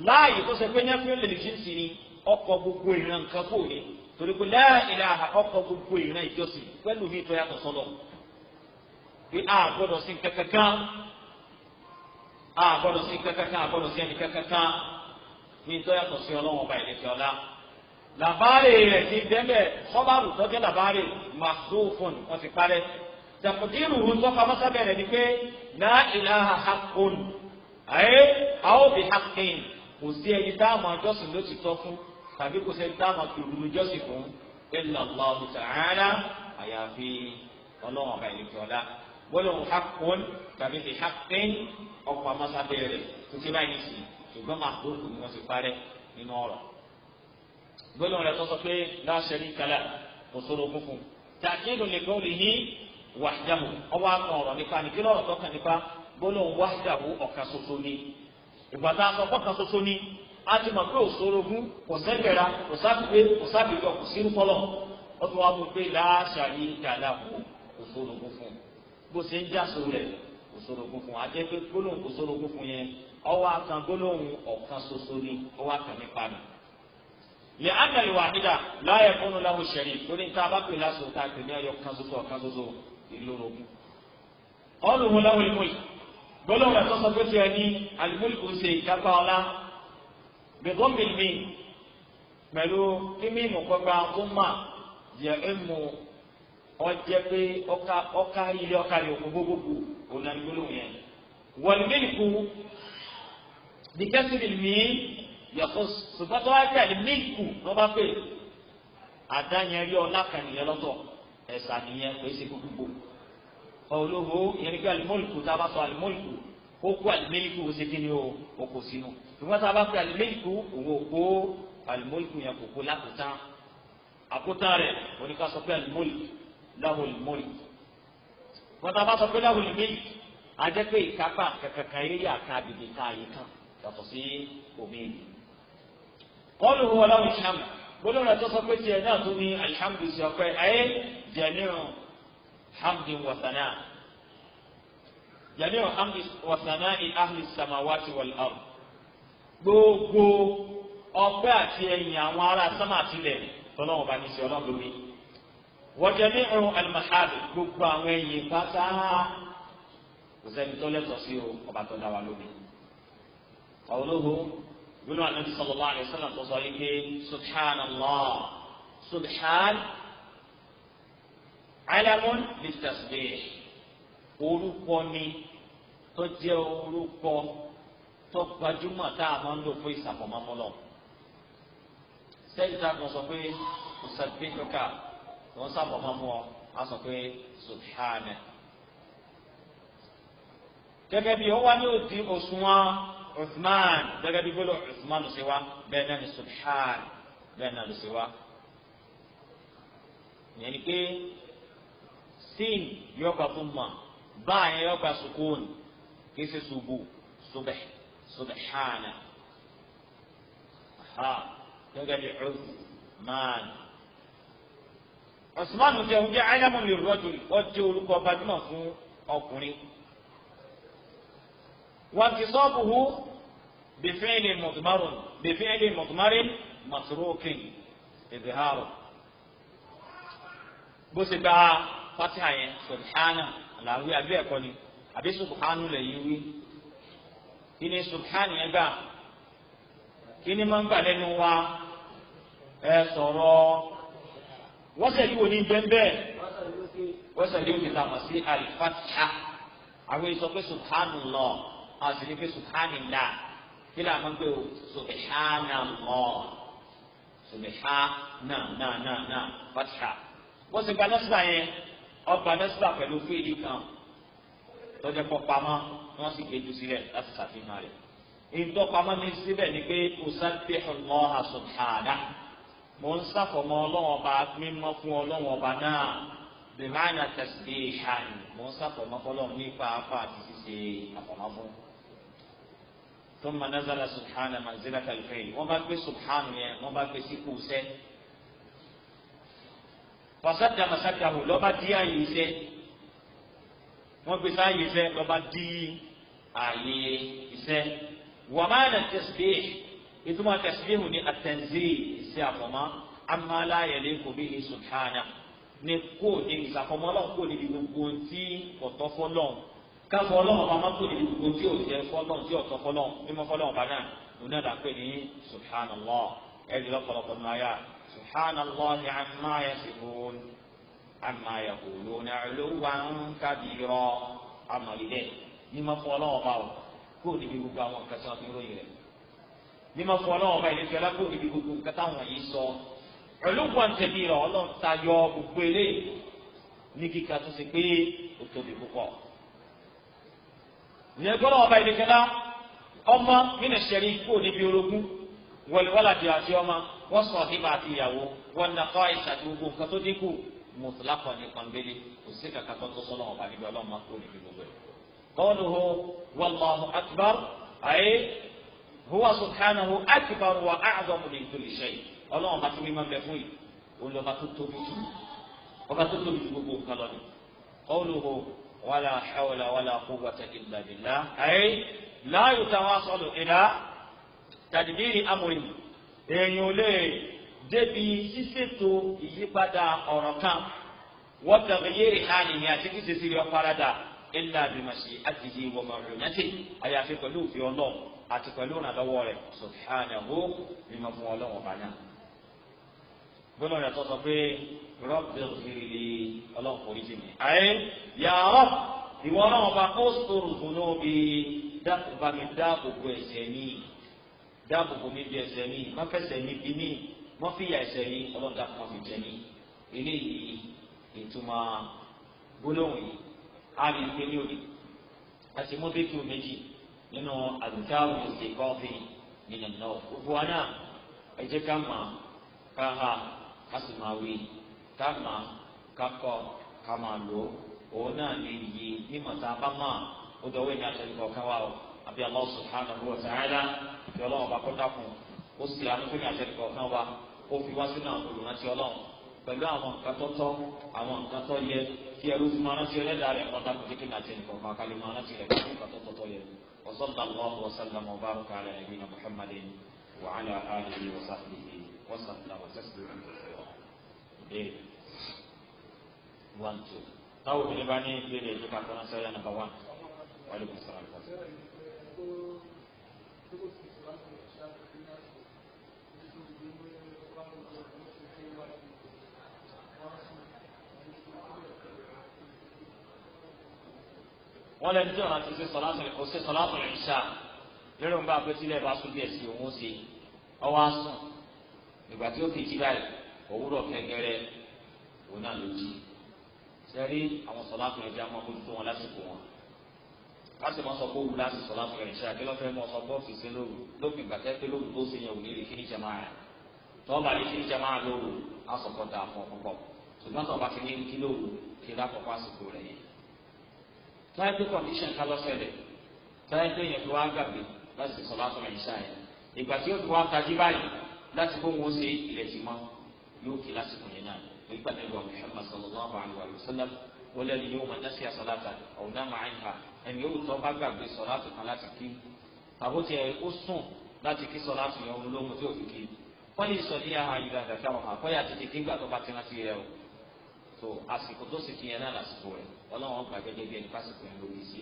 láàyè tó ṣe pé nẹ́fì rìjìs ni ọkọ̀ gbogbo ìran nǹkan kò ní torí pé láìlà ọkọ̀ gbogbo ìran ìjọsìn pẹ̀lú mi tó yàtọ̀ sọ́lọ̀ pé a gbọ́dọ̀ sí kankan a gbọ́dọ̀ sí kankan a gbọ́dọ̀ sí ẹni kankan ní tó yàtọ̀ sí ọlọ́run ọba ìlẹsẹ ọlá làbáre rẹ ti dẹbẹ kọbárù tọjẹ làbáre màsúfòn wọn ti parẹ tẹkùdírù ń tọ́ka mọ́sábẹ̀ rẹ ni pé náà ìlànà hakun ayé àwọn òbí kò sí ẹni táwọn àjọsìn ló ti tọ́ fún tàbí kò sẹ́ni táwọn kìlúlu jọ́sìn fún illa Allahu ta'ala àyàfi ọlọ́run ọba ìlẹsẹ ọlá gbólóhùn hakun tàbí fi hakin ọkọ̀ amásábẹ́ rẹ̀ tuntun báyìí sí ṣùgbọ́n máa gbóòkù ni wọ́n ti parẹ́ nínú ọ̀rọ̀. gbólóhùn rẹ̀ tọ́sọ pé la sharika la kò sóró fúnfun ta'kidun li qawlihi wahdahu ọwọ́ àkàn ọ̀rọ̀ nípa nìkí lọ́rọ̀ tọ́kàn nípa gbólóhùn wahdahu ọ̀kan ṣoṣo ni ìgbà tá a sọ ọ̀kan ṣoṣo ni a ti mọ̀ pé òṣòrogún kò sẹ́gbẹ̀ra kò sábìgbé kò sábìgbé kò sírúkọlọ̀ ọdún wa mú pé la sharika lahu òṣòrogún fún un bó ṣe ń jàso rẹ̀ kò sorogún fún ajẹ́ pé gbólóhùn kò sorogún fún yẹn ọwọ́ akan gbólóhùn ọ̀kan ṣoṣo ni ọwọ́ akan nípa mi. lè ánàlì wàhídà láyé fúnnu láwù ṣẹ̀rí lórí níta bá pè lásòó tá a pè ní ayọ̀ kan ṣoṣo ọ̀kan ṣoṣo ìlórogún. ọlùhùn láwù ìmúlì gbólóhùn ẹ̀tọ́ sọ pé tí ẹ ní ṣe ìkápá ọlá bẹ̀gbọ́n mi pẹ̀lú mímí ìmùkọ́gbà ó mà yẹ ọjẹ pé ọka ọka ilé ọka rẹ òkú gbogbogbò ọ̀nà gbólóhùn yẹn wọlmílìkù bìkẹ́sì bìlmí yàtọ̀ sùpàtọ́ ajá mílìkù lọ́ba pé àdáyẹn rí ọlá kan nìyẹn lọ́tọ̀ ẹ̀sà nìyẹn kò ṣe gbogbogbò olóhó yẹn kí alimọ́lìkù tá a bá sọ alimọ́lìkù ó kó alimẹ́lìkù ó ṣe kíni o ó kó sínú ṣùgbọ́n tá a bá pè alimẹ́lìkù òun ò kó alimọ́lìkù yẹn kò kó lákòótán àkótán rẹ̀ oníkàsọ́pẹ́ alimọ́lìkù lahul mulk bọ́tà bá sọ pé lahul mulk ajẹ́ pé ìkápá kankan eré àka àbìdì ká yìí kan yàtọ̀ sí omi èyí. kọ́lù huwa lahu alhamd gbólóhùn àti sọ pé tiẹ̀ náà tún ní alihamdu sí ọpẹ́ ayé jẹ̀míọ̀ hamdi wasana jẹ̀míọ̀ hamdi wasana in ahli samawati wal ard gbogbo ọpẹ́ àti ẹ̀yìn àwọn ará sámà tilẹ̀ tọ́lọ́wọ́n bá ní sí ọlọ́run lómi wọ́jọ́bí ọ̀run alimahadi gbogbo àwọn ẹ̀yìn pátá kò sẹ́ni tó lẹ́tọ̀ọ́ sí o ọba tó dá wa lómi. ọ̀wọ́lógo gbóná ànábi sallallahu alaihi wasallam tó sọ yìí pé subhanallah subhan alamun bitasbih orúkọ ni tó jẹ́ orúkọ tó gbajúmọ̀ tá a máa ń lò fún ìsàpọ̀mọ́mọ́lọ́ sẹ́yìn tá a kàn sọ pé ọ̀sàgbẹ́jọ́ká tó ń sábọ̀mọ́ fún ọ á sọ pé subhana. gẹ́gẹ́ bí ó wá ní òtí òṣùwọ̀n Uthman gẹ́gẹ́ bí gbọ́dọ̀ Uthman ló ṣe wá bẹ́ẹ̀ náà ni subhan bẹ́ẹ̀ náà ló ṣe wá. ìyẹn ni pé sin yóò kà fún mọ́ báyẹn yóò kà sukun kì í ṣe ṣubú subh subhana. gẹ́gẹ́ bí Uthman. Osman jẹ́ oúnjẹ ádámù lè rọ́jò ó jẹ́ orúkọ gbajúmọ̀ fún ọkùnrin. wọ́n ti hu bìfẹ́ẹ̀lì mọ̀tòmárùn bìfẹ́ẹ̀lì mọ̀tòmárín mọ̀tòrókìn ìdìhárò. bó ṣe gba fatiha yẹn subhana làwí àbí ẹ̀kọ́ ni àbí subhanu lè yí kí ni subhana yẹn gbà kí ni máa ń wa ẹ sọ̀rọ̀. wọ́sẹ̀ yìí wò ní bẹ́ẹ̀ wọ́sẹ̀ yìí wò ní tàmọ̀ sí alifatiha àwọn èso pé subhanallah àwọn sì ní pé subhanallah kí ló àwọn gbé o subhanallah subhanallah na na na fatiha wọ́n sì gba nọ́sìlá yẹn ọgbà nọ́sìlá pẹ̀lú fíìlì kan tọ́jú ẹ̀kọ́ pamọ́ wọ́n sì gbé sílẹ̀ láti ṣàfihàn rẹ̀ ìtọ́ pamọ́ síbẹ̀ ni pé kò sábẹ́ ọlọ́ha subhanahu mo ń sàfọmọ ọlọ́run ọba mímọ́ fún ọlọ́run ọba náà bìmáàna tẹsílẹ ìhàn mo ń sàfọmọ fọlọ́run nípa afa àti ṣíṣe àfọmọ fún. tó ń manazala subhana manzila kalife yìí wọ́n bá gbé subhana yẹn wọ́n bá gbé sípò sẹ́. fasada masakahu lọ́ba dí àyè sẹ́ wọ́n gbé sáyè sẹ́ lọ́ba dí àyè sẹ́ wàmáàna tẹsílẹ ìtumọ̀ tasbihu ni at-tanzih sí àfọ̀mọ́ amma la yaliqu bihi subhanahu ní kó ní ìsàfọ̀mọ́ ọlọ́run kó níbi gbogbo tí ọ̀tọ́ fọlọ́run káfọ́ ọlọ́run bá má kó níbi gbogbo tí òjẹ́ fọlọ́run tí ọ̀tọ́ fọlọ́run mímọ́ fọlọ́run bá náà òun náà dàpẹ́ ní subhanallah ẹ̀rí lọ́pọ̀lọpọ̀ nù ayá subhanallah amma yasifun ní ma sọ ọlọ́wọ́ ọba ìlẹ́sọ̀ ẹlẹ́kọ̀ òbí gbogbo nǹkan táwọn yìí sọ ọlọ́wọ́ àǹtẹ̀bí rẹ̀ ọlọ́run tayọ gbogbo eré ní kíkà tó ṣe pé ó tóbi púpọ̀. ìyẹn gbọ́dọ̀ ọba ìlẹ́sọ̀ ẹlá ọmọ nínú ìṣẹ̀rí kó níbi orogún wọléwàládì àti ọmọ wọ́n sọ nípa àti ìyàwó wọ́n nàkọ́ ìṣàtì gbogbo nǹkan tó dínkù mùsùlákọ̀ ní pàmbélé kò sí kàkà tó tó sọ́nà ọ̀bà huwa subhanahu akbar wa a'zamu min kulli shay ọlọ́run bá tó mi máa ń bẹ fún yìí òun lọ́ba tó tóbi jù ọba tó tóbi jù gbogbo nǹkan lọ́ni qawluhu wala hawla wala quwwata illa billah ay la yutawassalu ila tadbiri amrin èèyàn lè débi ṣíṣètò ìyípadà ọ̀rọ̀ kan wa taghyiri halihi àti kí ṣe sí rí ọ illa bi mashi'atihi wa ma'unatihi àyàfi pẹ̀lú òfin ọlọ́run àti pẹ̀lú ìrànlọ́wọ́ rẹ̀ subhanahu mímọ́ fún ọlọ́wọ́n bá náà. gbọ́dọ̀ yàtọ̀ sọ pé rọ́bì ìrìlì ọlọ́run kò rí jì mí. àyè yàrá ìwọ ọlọ́run bá kó sòrò gbóná bí bá mi dáàbòbò ẹ̀ṣẹ̀ mi dáàbòbò mi bí ẹ̀ṣẹ̀ mi má fẹsẹ̀ mi bí mi má fìyà ẹ̀ṣẹ̀ mi ọlọ́run dáàbò má jẹ mi. eléyìí ìtumọ̀ gbólóhùn yìí á rí i ní òní àti mọ́bíkì nínú àdùkáwù ìsè kọ́fì nínú náà gbogbo wa náà ẹ jẹ́ ká mà ká ha ká sì máa wí ká mà ká kọ́ ká máa lò ó òun náà lè yí mímọ̀ tá a bá mà ó dọ̀wé ní àtẹnukọ̀ ká wà ó àbí Allah subhanahu wa ta'ala ìfẹ́ ọlọ́run bá kọ́ dákun ó sì àánú fún ní àtẹnukọ̀ ká wà ó fi wá sínú àpòlù náà ti ọlọ́run pẹ̀lú àwọn nǹkan tó tọ́ àwọn nǹkan tó yẹ tí ẹrú fi máa rántí ẹlẹ́dàá rẹ̀ kọ́ta kò tí kì náà ti nìkan kan kálí máa rántí rẹ̀ kọ́ta nǹkan tó tọ́tọ́ yẹ. wa sallallahu wa sallama wa baraka ala nabiyyina muhammadin wa ala alihi wa sahbihi wa sallama wa tasliman ìbéèrè one two. táwọn obìnrin bá ní ìbéèrè ìlú kan tó wọ́n lẹ́nu tí ọ̀nà ti ṣe sọ̀látọ̀ ìṣá lérò ń bá apẹ́tílẹ̀ bá sún díẹ̀ sí òun ṣe ọwọ́ àsùn ìgbà tí ó fi jí báyìí òwúrọ̀ kẹ́gẹ́rẹ́ òun náà ló jí sẹ́rí àwọn sọ̀látọ̀ ìṣá máa bójú tó wọn lásìkò wọn láti máa sọ pé òwú láti sọ̀látọ̀ ìṣá kí lọ́fẹ́ mọ sọ bọ́ọ̀sì sí lóru lópin ìgbà tẹ́tẹ́ lóru tó ṣe yẹn òní ní tọ́yẹ pé condition ká lọ ṣẹlẹ̀ tọ́yẹ pé èèyàn fi wá gbàgbé láti sọ láti sọ̀rọ̀ ìṣá yẹn ìgbà tí ó fi wá tají báyìí láti kó wọn ṣe ìrẹsì mọ́ yóò kí lásìkò yẹn náà nígbà tí ìwà Muhammad sallallahu alayhi wa sallam ó lẹ́nu yóò máa dásí àsọ̀láta ọ̀hún náà máa ń ha ẹni yóò tọ́ bá gbàgbé sọ láti kan láti kí àbótiẹ̀ ó sùn láti kí sọ láti yẹn olóhùn tí ò fi kí wọ́n lè sọ ní àhàyè àdàkẹ́ àwọn àkọ́yà títí kí so àsìkò tó sì fi yẹn náà lásìkò rẹ̀ ọlọ́run ọgbà gẹ́gẹ́ bí ẹni pásìkò yẹn lórí sí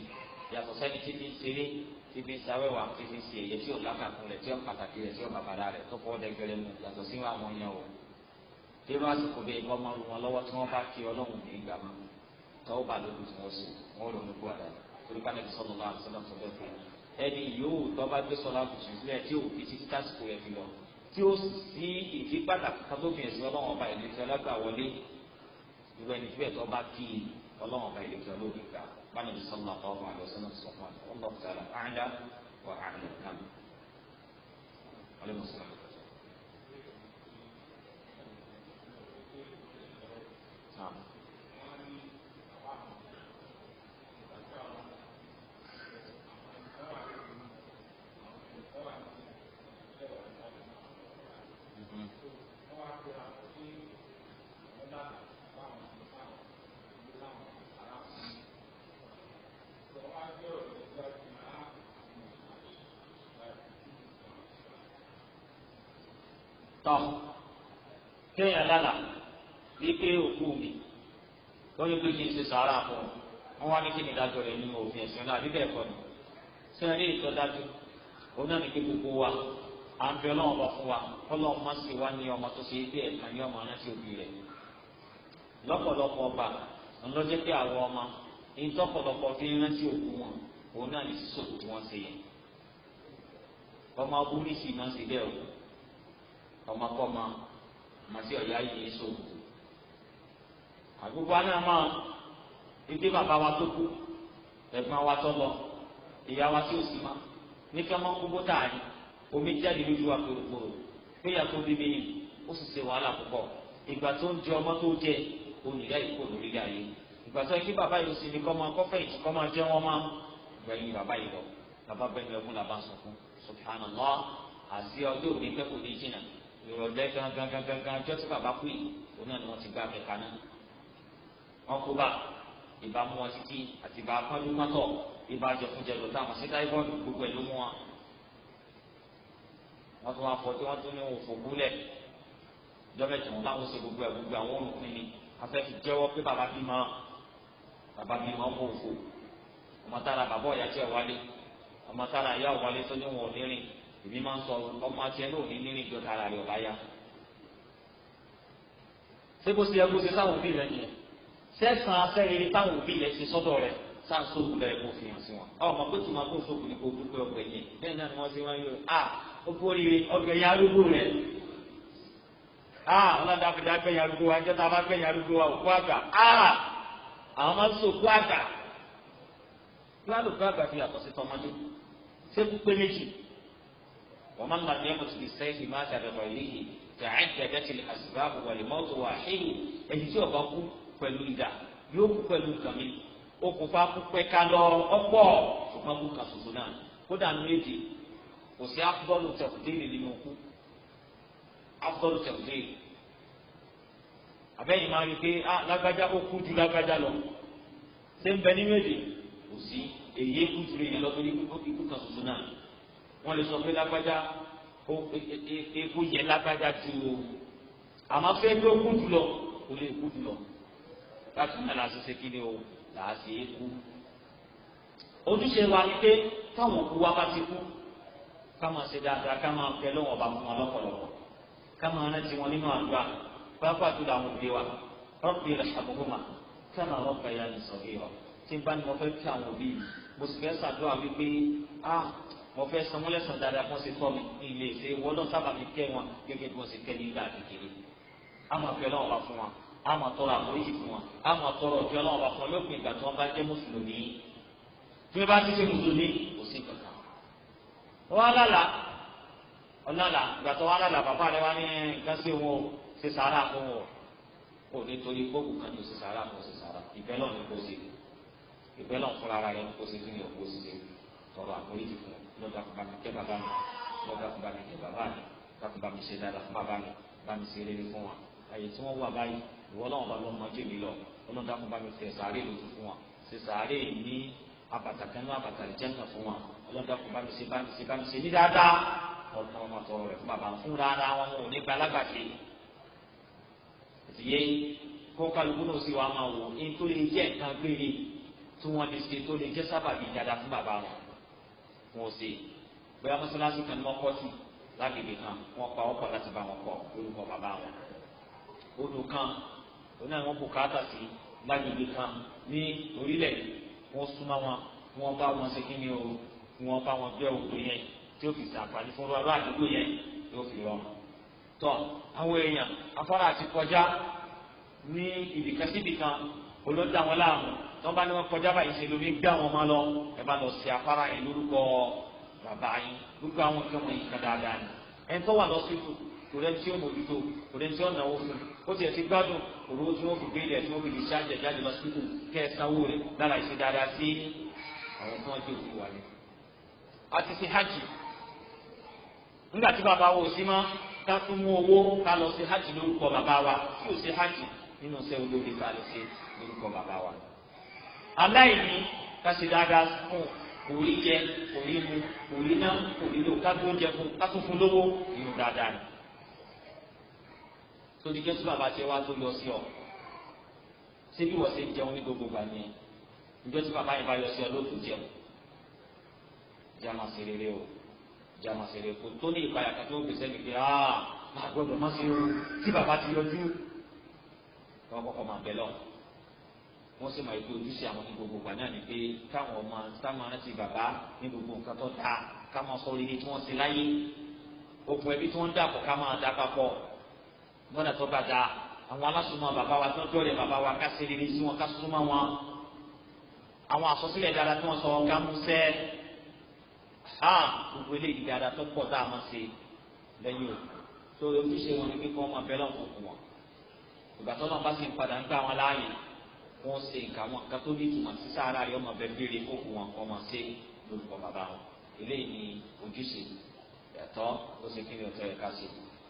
yàtọ̀ sẹ́ni tí fi ń ṣeré tí fi ń sáwẹ́wà tí fi ń ṣe èyẹ tí ò lákàkún rẹ̀ tí ò pàtàkì rẹ̀ tí ò bàbàrà rẹ̀ tó fọ́ dẹ́gbẹ̀rẹ̀ mu yàtọ̀ sí àwọn yẹn o dérò àsìkò bẹ́ẹ̀ kọ́ máa lu wọn lọ́wọ́ tí wọ́n bá kí ọlọ́run ní ìgbà mọ́ tọ́wọ́ bá lójú tí wọ́n sè wọ́n lò ní gbọ́dọ̀ torí bá nàbí sọ́nà lọ́wọ́ àti sọ́nà tó fún ẹni yòówù tó gbé sọ́nà kùtù sílẹ̀ tí ò fi títí tásìkò yẹn fi lọ tí ó sì sí ìdí pàtàkì kan fi ẹ̀sìn ọlọ́run ọba ìlú ti ọlọ́gbà يبقى في بيت وبعد فيه والله ما بعيد كده لو بيبقى بعد النبي صلى الله عليه وسلم الصحابه والله تعالى اعلى واعلى نعم عليه الصلاه والسلام نعم tọ́ kéèyàn lálà wípé òkú mi wọ́n yóò pé kí n ṣe sàárà fún ọ wọ́n wá ní kí ni ìdájọ́ rẹ̀ nínú òfin ẹ̀sìn náà àbí ni wa à ń wa ọlọ́run ọmọ tó ṣe é bẹ́ẹ̀ ní ọmọ òbí ọba ńlọ́jẹ́ pé àwọn ọmọ ní tọ́pọ̀lọpọ̀ fi ń rántí òkú wọn òun náà ní sísòkò ṣe yẹn ọmọ ọmọkọ́mọ màsí ọ̀yá yìí sòwò àgbogbo aná máa ike bàbá wa tó kú ẹ̀gbọ́n wa tó lọ ìyá wa tí ó sì máa ní ká máa gbogbo tààrí omi jáde lójú wa kúròkúrò péyà tó bí mi ó sì ṣe wàhálà púpọ̀ ìgbà tó ń jẹ ọmọ tó jẹ oníyá ìkó lórí ayé ìgbà tó yẹ kí bàbá yìí sì ní kọ́ máa kọ́fẹ́ ìtì kọ́ máa jẹ́ wọn máa gbẹ̀yìn bàbá bẹ́ẹ̀ ni ẹkún làbá sọ fún subhanallah àti ọdún òní pẹ́ kò ní jìnnà ìrọ̀lẹ́ gangan jọ́ tí bàbá kú yìí òun náà ni wọ́n ti gbá kẹta náà wọ́n kó bá ìbá mú wọn títí àti ìbá pọ́njú mọ́tọ̀ ìbá jọkúnjẹ lọ́tà àwọn síta ìbọ̀nù gbogbo ẹ̀ ló mú wọn. wọ́n tún wá fọ tí wọ́n tún ní òfò gúnlẹ̀ jọ́bẹ̀tì wọn láwọn ṣe gbogbo ẹ̀ gbogbo àwọn olùkún ni afẹ́fi jẹ́wọ́ pé bàbá bí mọ́ bàbá bí mọ́ mọ́ òfò ọmọ tára bàbá ọ̀yà tí ẹ̀ wálé ọmọ tára ìyá ọ̀wálé tó ní wọn ò ní rìn èmi máa ń sọ ọmọ àti ẹ náà ní nínú ìjọ tara rẹ ọba yá ṣé bó ṣe yẹ kó ṣe sáwọn òbí rẹ nìyẹn sẹ́sàn asẹ́rere táwọn òbí rẹ ṣe sọ́dọ̀ rẹ sáà sóògùn rẹ kò fi hàn sí wọn ọ mọ pé tí màá kó sóògùn ní kó dúpẹ́ ọgbẹ́ yẹn bẹ́ẹ̀ náà ni wọ́n ṣe wọ́n yóò à ó kú ọgbẹ́ yẹn arúgbó rẹ à ọlọ́dà fìdá gbẹ̀yìn arúgbó wa jẹ́ta bá gbẹ̀yìn arúgbó ومن لم يمت بالسيف مات بغيره تعددت الأسباب والموت واحد ẹni tí ó bá kú pẹ̀lú idà yóò kú pẹ̀lú nǹkan mi okùnfà kú pẹ́ka lọ ọ̀pọ̀ ṣùgbọ́n kú kan ṣoṣo náà kódà ní méjì kò sí afdọ́lù tẹ̀kùdéèrè nínú kú afdọ́lù tẹ̀kùdéèrè abẹ́yìn máa rí i pé ah, lágbájá ó kú ju lágbájá lọ ṣé ń bẹ ní méjì kò sí èyí kú ju èyí lọ torí ikú kan ṣoṣo náà wọ́n lè sọ pé lágbájá e, e, e, eku yẹ lágbájá ju o àmọ́ fẹ́ bí ó kú jùlọ kò lè kú jùlọ láti náà láti ṣe kí ni o làá ṣe é kú ojúṣe wa ni pé táwọn òkú wa bá ti kú ká máa ṣe dáadáa ká máa fẹ́ lọ́wọ́ ọba fún wọn lọ́pọ̀lọpọ̀ ká máa rántí wọn nínú àdúrà pápá tó làwọn òbí wa rọ́pì rẹ̀ ṣàbùkùmá ká máa rọ́pì ẹ̀yà nìṣọ̀rí wa tí n bá ní mo fẹ́ kí àwọn òbí mo sì fẹ́ ṣàdúrà wípé ah mo fẹ́ sọ múlẹ̀ sọ dáadáa kó ṣe kọ́ mi ilé ṣe wọ́lọ́ sábà mi kẹ́ wọn gẹ́gẹ́ bí wọ́n ṣe kẹ́ nígbà kékeré àmọ́ fẹ́ lọ́wọ́ bá fún wọn àmọ́ tọrọ àforíjì fún wọn àmọ́ tọrọ ọ̀fẹ́ lọ́wọ́ bá fún wọn lópin ìgbà tí wọ́n bá jẹ́ mùsùlùmí tí wọ́n bá ti ṣe mùsùlùmí kò sí nǹkan kan. wọ́n lálà ọ̀làlà ìgbà tó wọ́n bàbá rẹ̀ wá ní nǹkan wọn o ṣe sàárà fún wọn o nítorí gbogbo kan ní ṣe sàárà fún ṣe sàárà ìbẹ́lọ̀ ni kò sí ìbẹ́lọ̀ fúnra rẹ̀ ni o kò sí tọrọ àforíjì fún lọ́dà kó bá mi kẹ́ bàbá mi lọ́dà kó bá mi kẹ́ bàbá mi dákun bá mi ṣe dáadáa fún bàbá mi bá mi ṣe rere fún wa àyè tí wọ́n wà báyìí ìwọ náà bá lọ́mọ jẹ́ mi lọ ọlọ́run dákun bá mi fẹ́ sàárè lójú fún wa ṣe sàárè ní abàtà kan ní abàtà lè jẹ́nà fún wa ọlọ́run dákun bá mi ṣe bá mi ṣe bá mi ṣe ní dáadáa ọ̀nà ọmọ tọrọ rẹ̀ fún bàbá fún rárá wọn ò ní gba alágbàṣe ìdíyẹ kó kálukú náà sì wá máa wò ní tó lè jẹ́ nǹkan gbére tí wọ́n lè ṣe tó lè jẹ́ sábàbí dáadáa fún bàbá wọn wọn ò ṣe bóyá mọ́sálásí kan ní wọ́n kọ́ sí lágbègbè kan wọ́n pa wọ́n pọ̀ láti bá wọn kọ́ lórúkọ bàbá wọn odò kan oní àwọn bùkátà sí lágbègbè kan ní orílẹ̀ wọ́n súnmọ́ wọn wọ́n bá wọn ṣe kí ni o wọ́n bá wọn gbẹ́ òdo yẹn tí ó fi ṣàǹfààní fún wọn àdúgbò yẹn tí ó fi rọrùn tọ́ àwọn èèyàn afárá àti kọjá ní ibìkan síbìkan olóńtà wọn láàmú wọn bá ní wọn kọjá báyìí ṣe lómi gbé àwọn ọmọ lọ ẹ bá lọ sí afárá yẹn lórúkọ bàbá yín lórúkọ àwọn nǹkan wọ̀nyí kan dáadáa ni ẹ tó wà lọ́sítù kò rẹ tí ó mójútó kò rẹ tí ó náwó fún ó tiẹ̀ ti gbádùn òru tí wọ́n fi gbé ilẹ̀ tí wọ́n fi lè ṣáàjẹ̀ jáde lọ́sítù kẹ́ ẹ sanwó rẹ̀ lára ìṣe dáadáa sí àwọn tí wọ́n jẹ́ òkú wa yẹn. a ti ṣe hajj nígbà tí bàbá wo sí mọ́ ká tún mú owó ká lọ sí hajj lórúkọ bàbá wa tí ò sí hajj nínú iṣẹ́ olórí ká lọ sí lórúkọ bàbá wa aláìní ká ṣe dáadáa fún kò rí jẹ kò rí mu kò rí ná kò rí lò ká tó ń jẹ fún ká tó fún lówó ìlú dáadáa ni. sódì jésù bàbá tiẹ̀ wá tó lọ sí ọ ṣé bí wọ́n ṣe ń jẹun ní gbogbo gbà ni ìjọ tí bàbá yẹn bá yọ sí ọ ló tún jẹun jama ṣe rere o jama ṣe rere kò tó ní ìpayà kan tó gbèsè pé aa ah, máa má ṣe o tí bàbá ti yọjú kí wọ́n kọ́kọ́ máa bẹ̀ lọ́wọ́ wọ́n sì máa ń pe ojúṣe àwọn ní gbogbo ìgbà ni pé káwọn ọmọ sáwọn rántí bàbá ní gbogbo nǹkan tó dáa ká sọ orí ni tí wọ́n ṣe láyé okùn ẹbí tí wọ́n ń dàpọ̀ ká máa dá papọ̀ lọ́nà tó bá dáa àwọn alásùnmọ́ bàbá wa tó ń dọ̀rẹ́ bàbá wa ká ṣe rere sí wọn ká súnmọ́ wọn àwọn àsọsílẹ̀ dáadáa tí wọ́n sọ ká mú ha gbogbo eléyìí dáadáa tó pọ̀ tá a máa ṣe lẹ́yìn o tó ojúṣe wọn ni pé kí wọ́n máa bẹ́ lọ́kùnkùn wọn ìgbà tó náà wọ́n ṣe nǹkan wọn kátólíìkì wọn sí sáárà yọ ọmọ bẹ béèrè kókó wọn kọ́ wọn ṣe lórúkọ bàbá wọn eléyìí ni ojúṣe ẹ̀tọ́ ó ṣe kí ni ọ̀tọ́ ẹ̀ka ṣe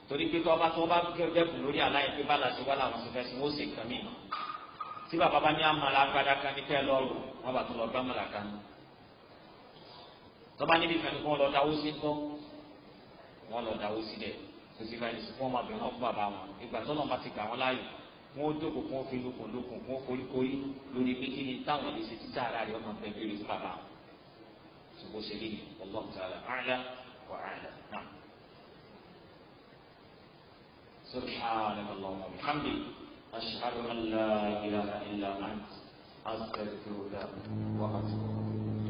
torí pé tọ́ba tó bá dẹ́kun lórí aláyẹ pé bá làṣẹ wá làwọn ṣẹfẹ́ sí wọ́n ṣe nǹkan mìíràn tí bàbá bá ní àmàlà agbada kan ní kẹ́ lọ́rùn wọn bá tó lọ gbá àmàlà kan tọ́ba níbi kan ní kí wọ́n lọ dáwó sí tọ́ wọ́n lọ dáwó sí dẹ̀ kò sí fẹ́ẹ́ ní wọn ó jókòó kó fi lókun lókun kó foríkorí lórí pé kí ni táwọn lè ṣe títà ara rẹ ọmọ fẹ bèrè fún bàbá wọn tó ṣùgbọ́n ṣe lè ní ọlọ́run tààlà àlà wà àlà náà. سبحانك اللهم وبحمدك أشهد أن لا إله إلا أنت أستغفرك وأتوب إليك